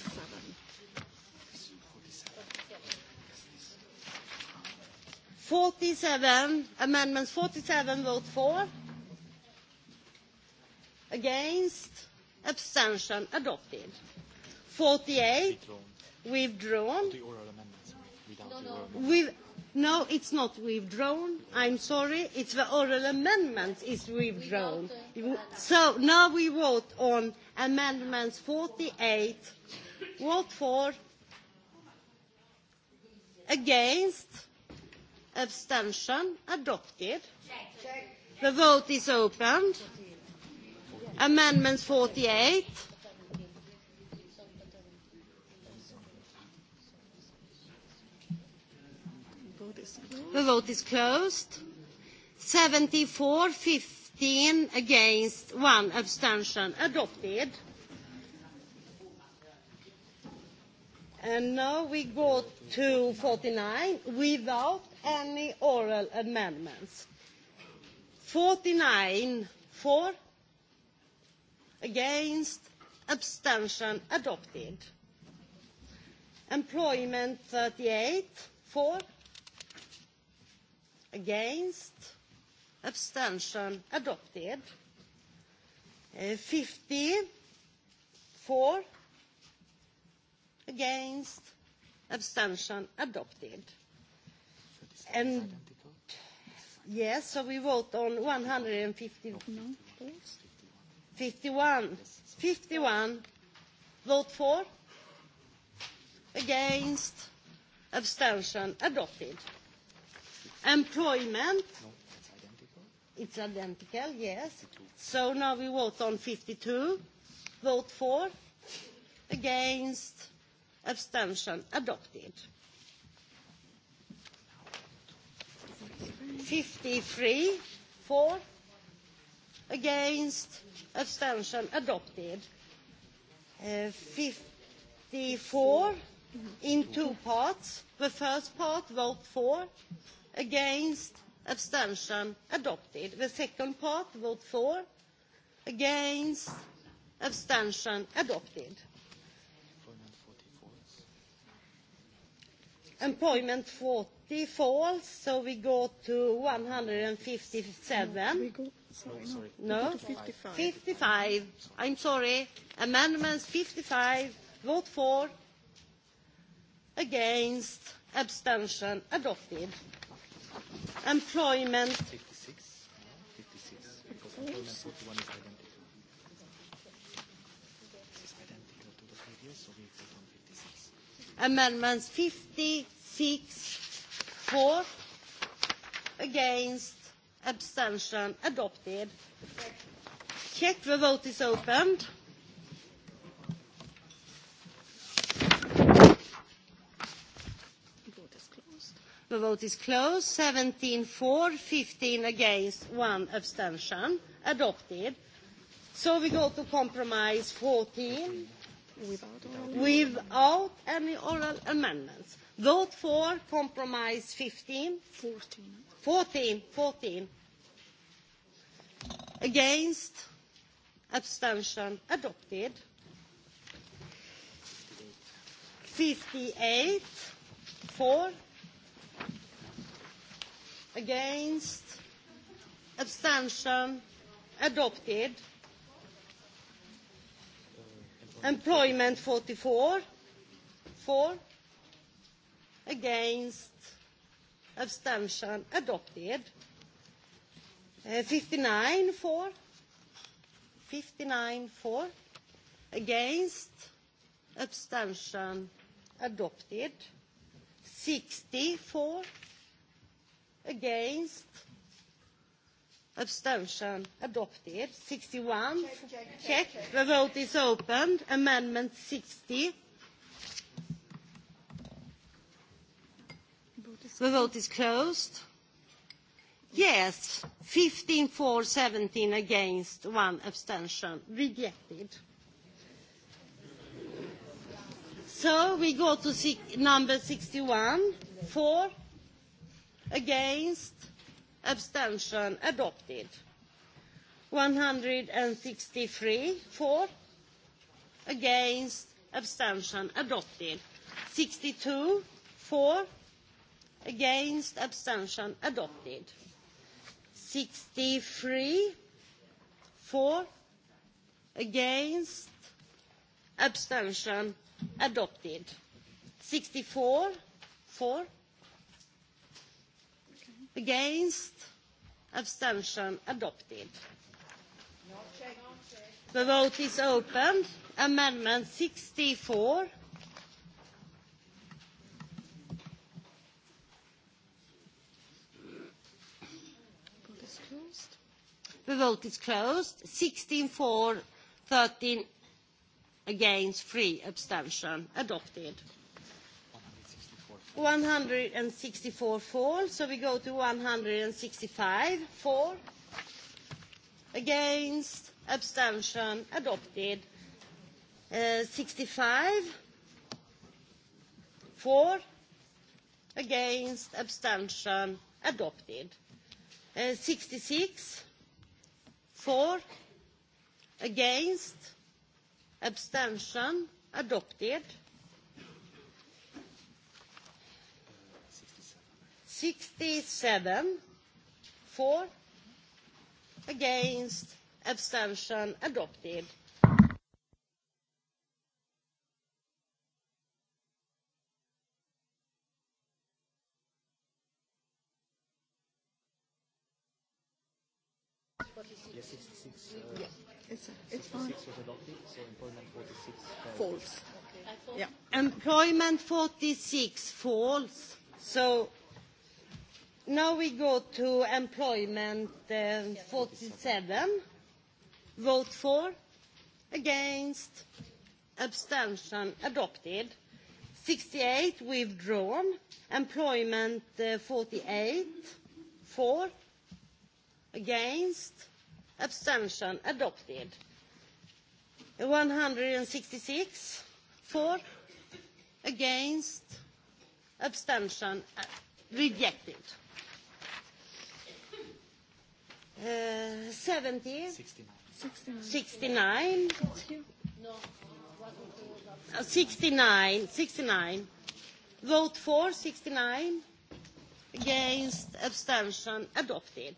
Forty seven amendments forty seven vote for against abstention adopted. 48 withdrawn. The oral amendments without no, no. the oral amendments. no, it's not withdrawn. I'm sorry. It's the oral amendments is withdrawn. So now we vote on amendments 48. Vote for? Against? Abstention? Adopted? Check. The vote is opened. Amendment 48. The vote is closed. 74, 15 against, one abstention. Adopted. Now we go to 49 without any oral amendments. 49 for, Against? Abstention? Adopted. Employment 38. For? Against? Abstention? Adopted. Uh, 50. For? Against? Abstention? Adopted. And yes, so we vote on 150. No, 51. 51. Vote for. Against. Abstention. Adopted. Employment. it's identical. yes. So now we vote on 52. Vote for. Against. Abstention. Adopted. 53. For against, abstention adopted. Uh, 54 in two parts. The first part, vote for, against, abstention adopted. The second part, vote for, against, abstention adopted. Employment 40 falls, so we go to 157. No, we go No, sorry. No? 55. 55. I'm sorry. Amendments 55. Vote for. Against. Abstention. Adopted. Employment. 56. 56. Because employment 41 is identical. This is identical to the previous, so we vote on 56. Amendments 56. For. Against abstention adopted. Check the vote is opened. The vote is closed. 17 for, 15 against, one abstention. Adopted. So we go to compromise 14 without, any oral amendments. Vote for compromise 15. 14. 14, 14. Against? Abstention? Adopted. 58, 4. Against? Abstention? Adopted. Employment 44, 4. Against? abstention adopted. Uh, 59 for, 59 for, against, abstention adopted. 60 for, against, abstention adopted. 61, check, check, check, check. the vote is opened. Amendment 60. The vote is closed. Yes, 15 for, 17 against, one abstention. Rejected. So we go to six, number 61. For, against, abstention, adopted. 163 for, against, abstention, adopted. 62 for, against abstention adopted 63 for against abstention adopted 64 for against abstention adopted the vote is opened amendment 64 The vote is closed. 16 for, 13 against, 3 abstention. Adopted. 164 for, so we go to 165 for, against, abstention, adopted. Uh, Sixty 65 for, against, abstention, adopted. Uh, Sixty 66 For? Against? Abstention? Adopted. 67. For? Against? Abstention? Adopted. Yeah, it's, it's fine. was adopted, so employment 46 falls. Yeah. Employment 46 falls. So now we go to employment uh, 47. Vote for, against, abstention, adopted. 68 withdrawn. Employment uh, 48 for, against, abstention adopted 166 for against abstention rejected uh, 70 69, 69. 69 69 vote for 69 against abstention adopted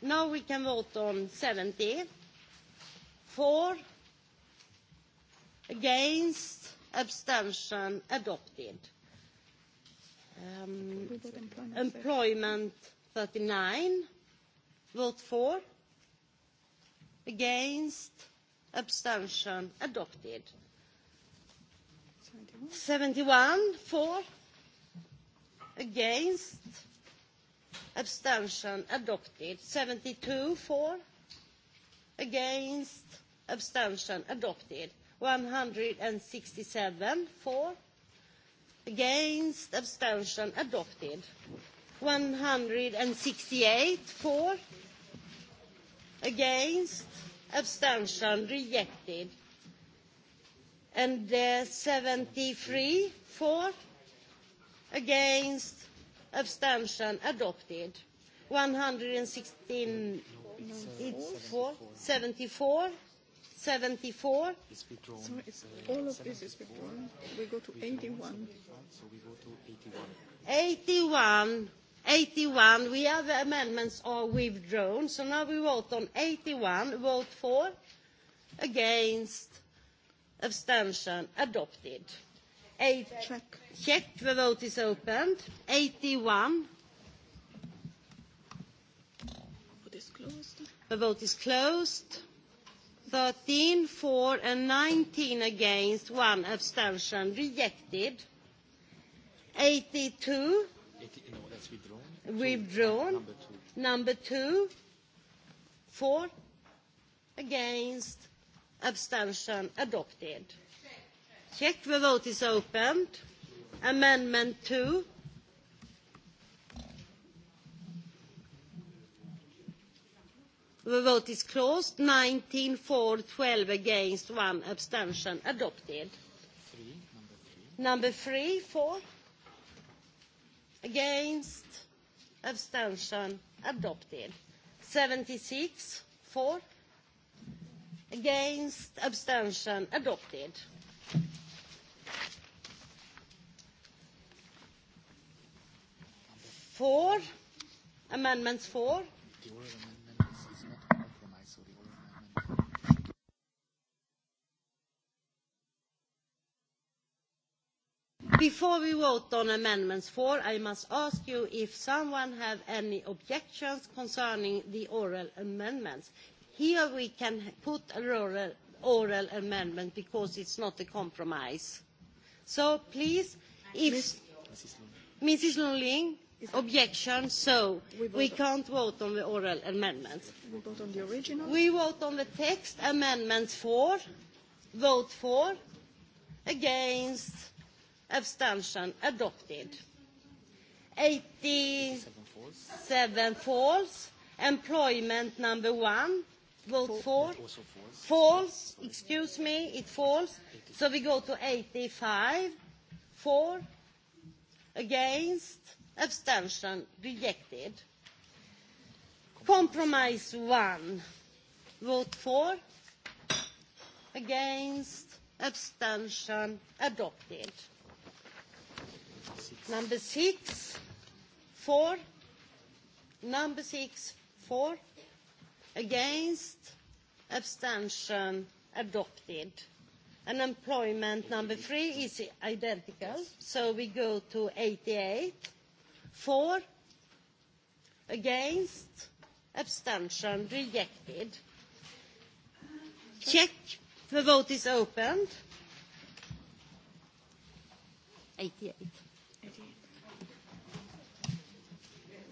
Now we can vote on 70. For, against, abstention, adopted. Um, employment, 39. Vote for, against, abstention, adopted. 71 for, against, abstention adopted. Seventy two for, against, abstention adopted. One hundred and sixty seven for, against, abstention adopted. One hundred and sixty eight for, against, abstention rejected. And uh, three for, against, abstention adopted 116 it's 74 74 it's withdrawn Sorry, it's, all of this is withdrawn we go to 81 so we go to 81 81 81 we have amendments are withdrawn so now we vote on 81 vote for against abstention adopted Eight. Check. Check. The vote is opened. 81. Vote is closed. The vote is closed. 13 for and 19 against, one abstention. Rejected. 82. 80, no, that's withdrawn. Withdrawn. Number two. Number two. For, against, abstention, adopted check. The vote is opened. Amendment 2. The vote is closed. 19 for, 12 against, one abstention. Adopted. Three, number 3. Number 3, for, against, abstention. Adopted. 76 for, against, abstention. Adopted. Four, amendments four. The oral is not compromise, so the oral amendment. Before we vote on amendments four, I must ask you if someone have any objections concerning the oral amendments. Here we can put an oral, oral amendment because it's not a compromise. So please, if Mrs. Mrs. Luling, objection, so we, can't vote on the oral amendments. We vote on the original? We vote on the text amendments for, vote for, against, abstention, adopted. 87 falls, employment number one, vote for, false. false, excuse me, it falls. So we go to 85, for, against, abstention rejected. Compromise one. Vote for. Against. Abstention. Adopted. Six. Number six. Four. Number six. Four. Against. Abstention. Adopted. Unemployment number three is identical, so we go to 88. For, against, abstention, rejected. Check. The vote is opened. 88.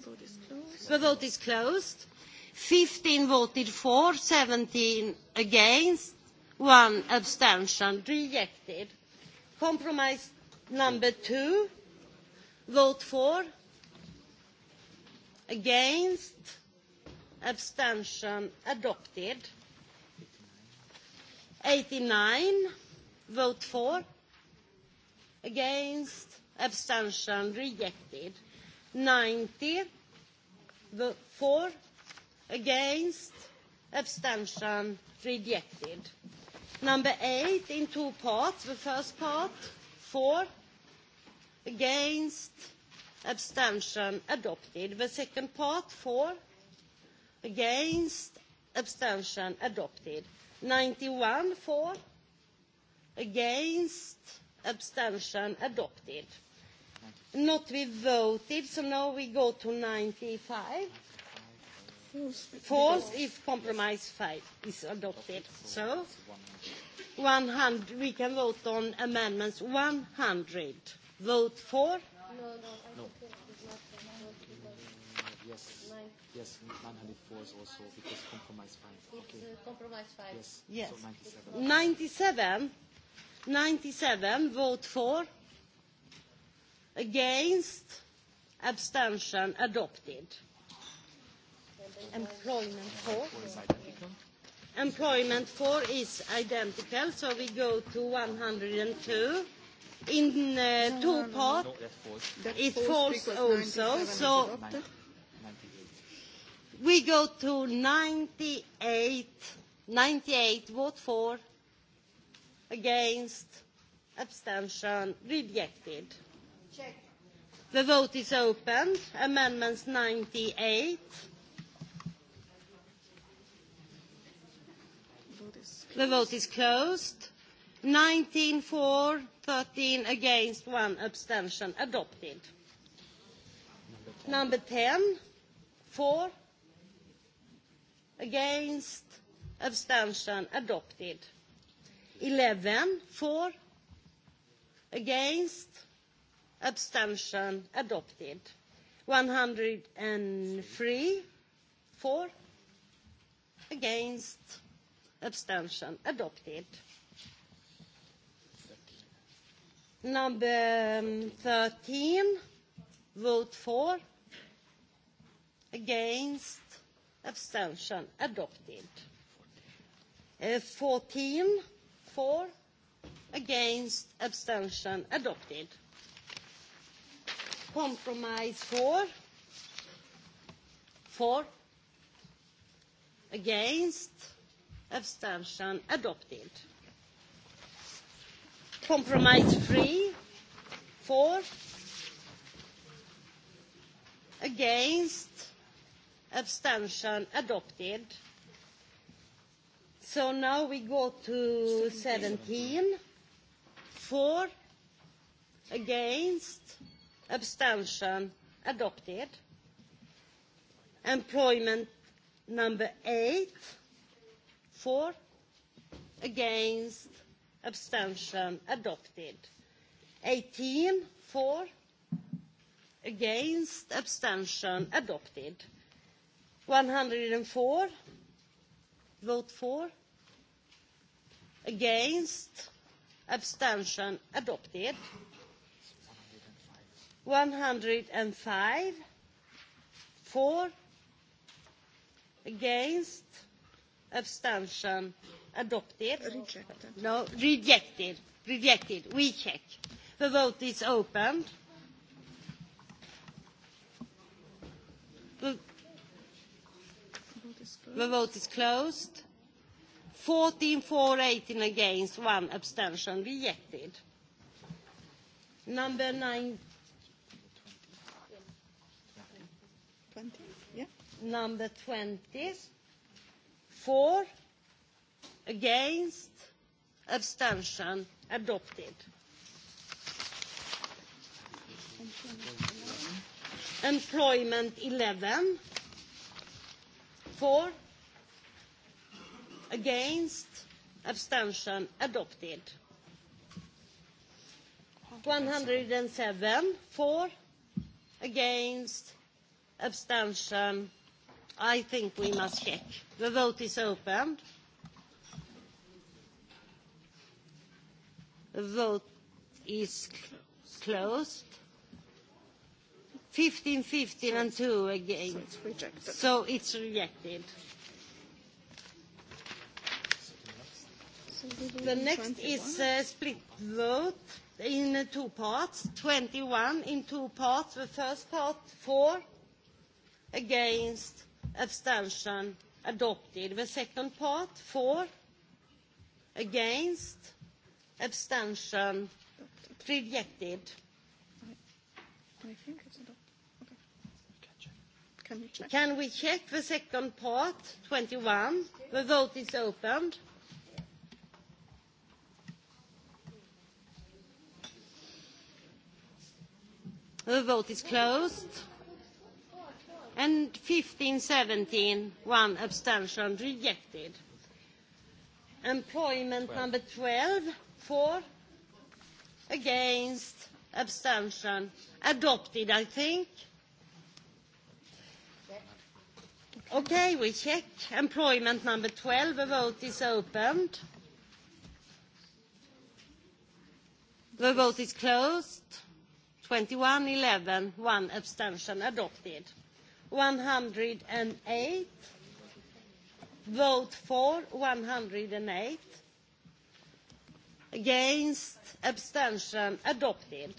Vote is closed. The vote is closed. 15 voted for, 17 against, one abstention. Rejected. Compromise number two. Vote for, Against? Abstention adopted. 89. Vote for. Against? Abstention rejected. 90. Vote for. Against? Abstention rejected. Number eight in two parts. The first part, for. Against? abstention adopted. The second part, for, against, abstention adopted. 91 for, against, abstention adopted. Not we voted, so now we go to 95. False if compromise 5 is adopted. So 100, we can vote on amendments 100. Vote for, No, no. I no. Think it's not mm, yes. Nine. Yes, 904 is also because compromise five. It's okay. uh, compromise five. Yes. Yes. So 97. 97. 97 vote for against abstention adopted employment 4 employment 4 is identical so we go to 102 in uh, two no, part, no, it falls also. So we go to 98. 98, vote for? Against? Abstention? Rejected. Check. The vote is open. Amendments 98. The vote is closed 19 for, 13 against, one abstention. Adopted. Number 10, for, against, abstention. Adopted. 11, for, against, abstention. Adopted. 103, for, against, abstention. Adopted. Number 13, um, vote for, against, abstention, adopted. Uh, 14, for, against, abstention, adopted. Compromise for, for, against, abstention, adopted. Compromise three, for, against, abstention adopted. So now we go to 17. For, against, abstention adopted. Employment number eight. For, against, abstention adopted. 18 for, against, abstention adopted. 104 vote for, against, abstention adopted. 105 for, against, abstention adopted adopted? Rejected. No, rejected. Rejected. We check. The vote is opened. The, the vote is closed. 14 for, 18 against, one abstention. Rejected. Number nine. 20, yeah. Number 20. Four against abstention adopted employment 11 for against abstention adopted 107 for against abstention i think we must check the vote is opened Vote is closed. 15, 15 and 2 against. So it's rejected. So it's rejected. the next is a split vote in two parts. 21 in two parts. The first part, for, against, abstention, adopted. The second part, for, against, abstention rejected Can, we check the second part, 21? The vote is opened. The vote is closed. And 15, 17, one abstention rejected. Employment number 12 For? Against? Abstention? Adopted, I think. Okay, we check. Employment number 12, the vote is opened. The vote is closed. 21, 11, one abstention adopted. 108, vote for 108, against, abstention, adopted.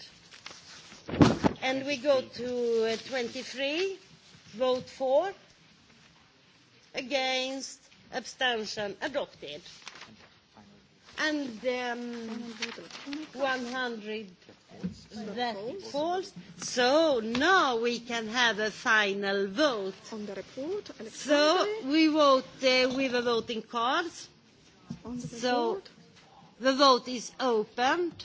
And we go to uh, twenty 23, vote for, against, abstention, adopted. And um, one 100 that falls. So now we can have a final vote. On the report, So we vote uh, with the voting cards. On the report. The vote is opened.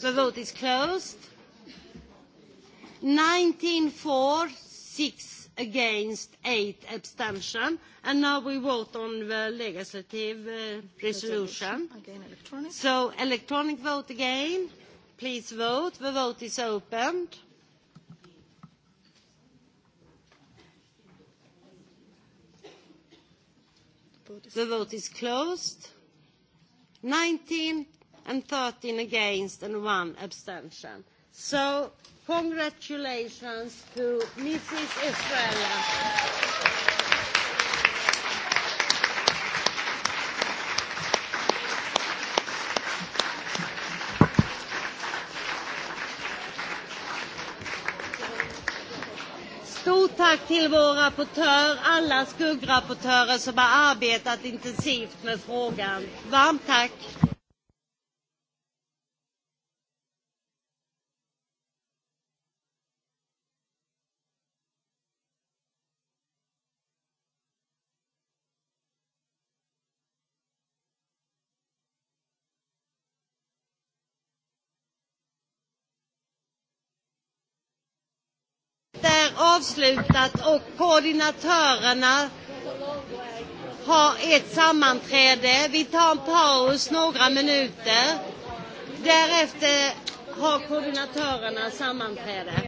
The vote is closed. 19 for, 6 against, 8 abstention. And now we vote on the legislative uh, resolution. Again, electronic. So electronic vote again. Please vote. The vote is opened. The vote is closed. 19 and 13 against and one abstention. So congratulations to Mrs. Estrella. tack till vår rapportör, alla skuggrapportörer som har arbetat intensivt med frågan. Varmt tack! avslutat och koordinatörerna har ett sammanträde. Vi tar en paus några minuter. Därefter har koordinatörerna sammanträde.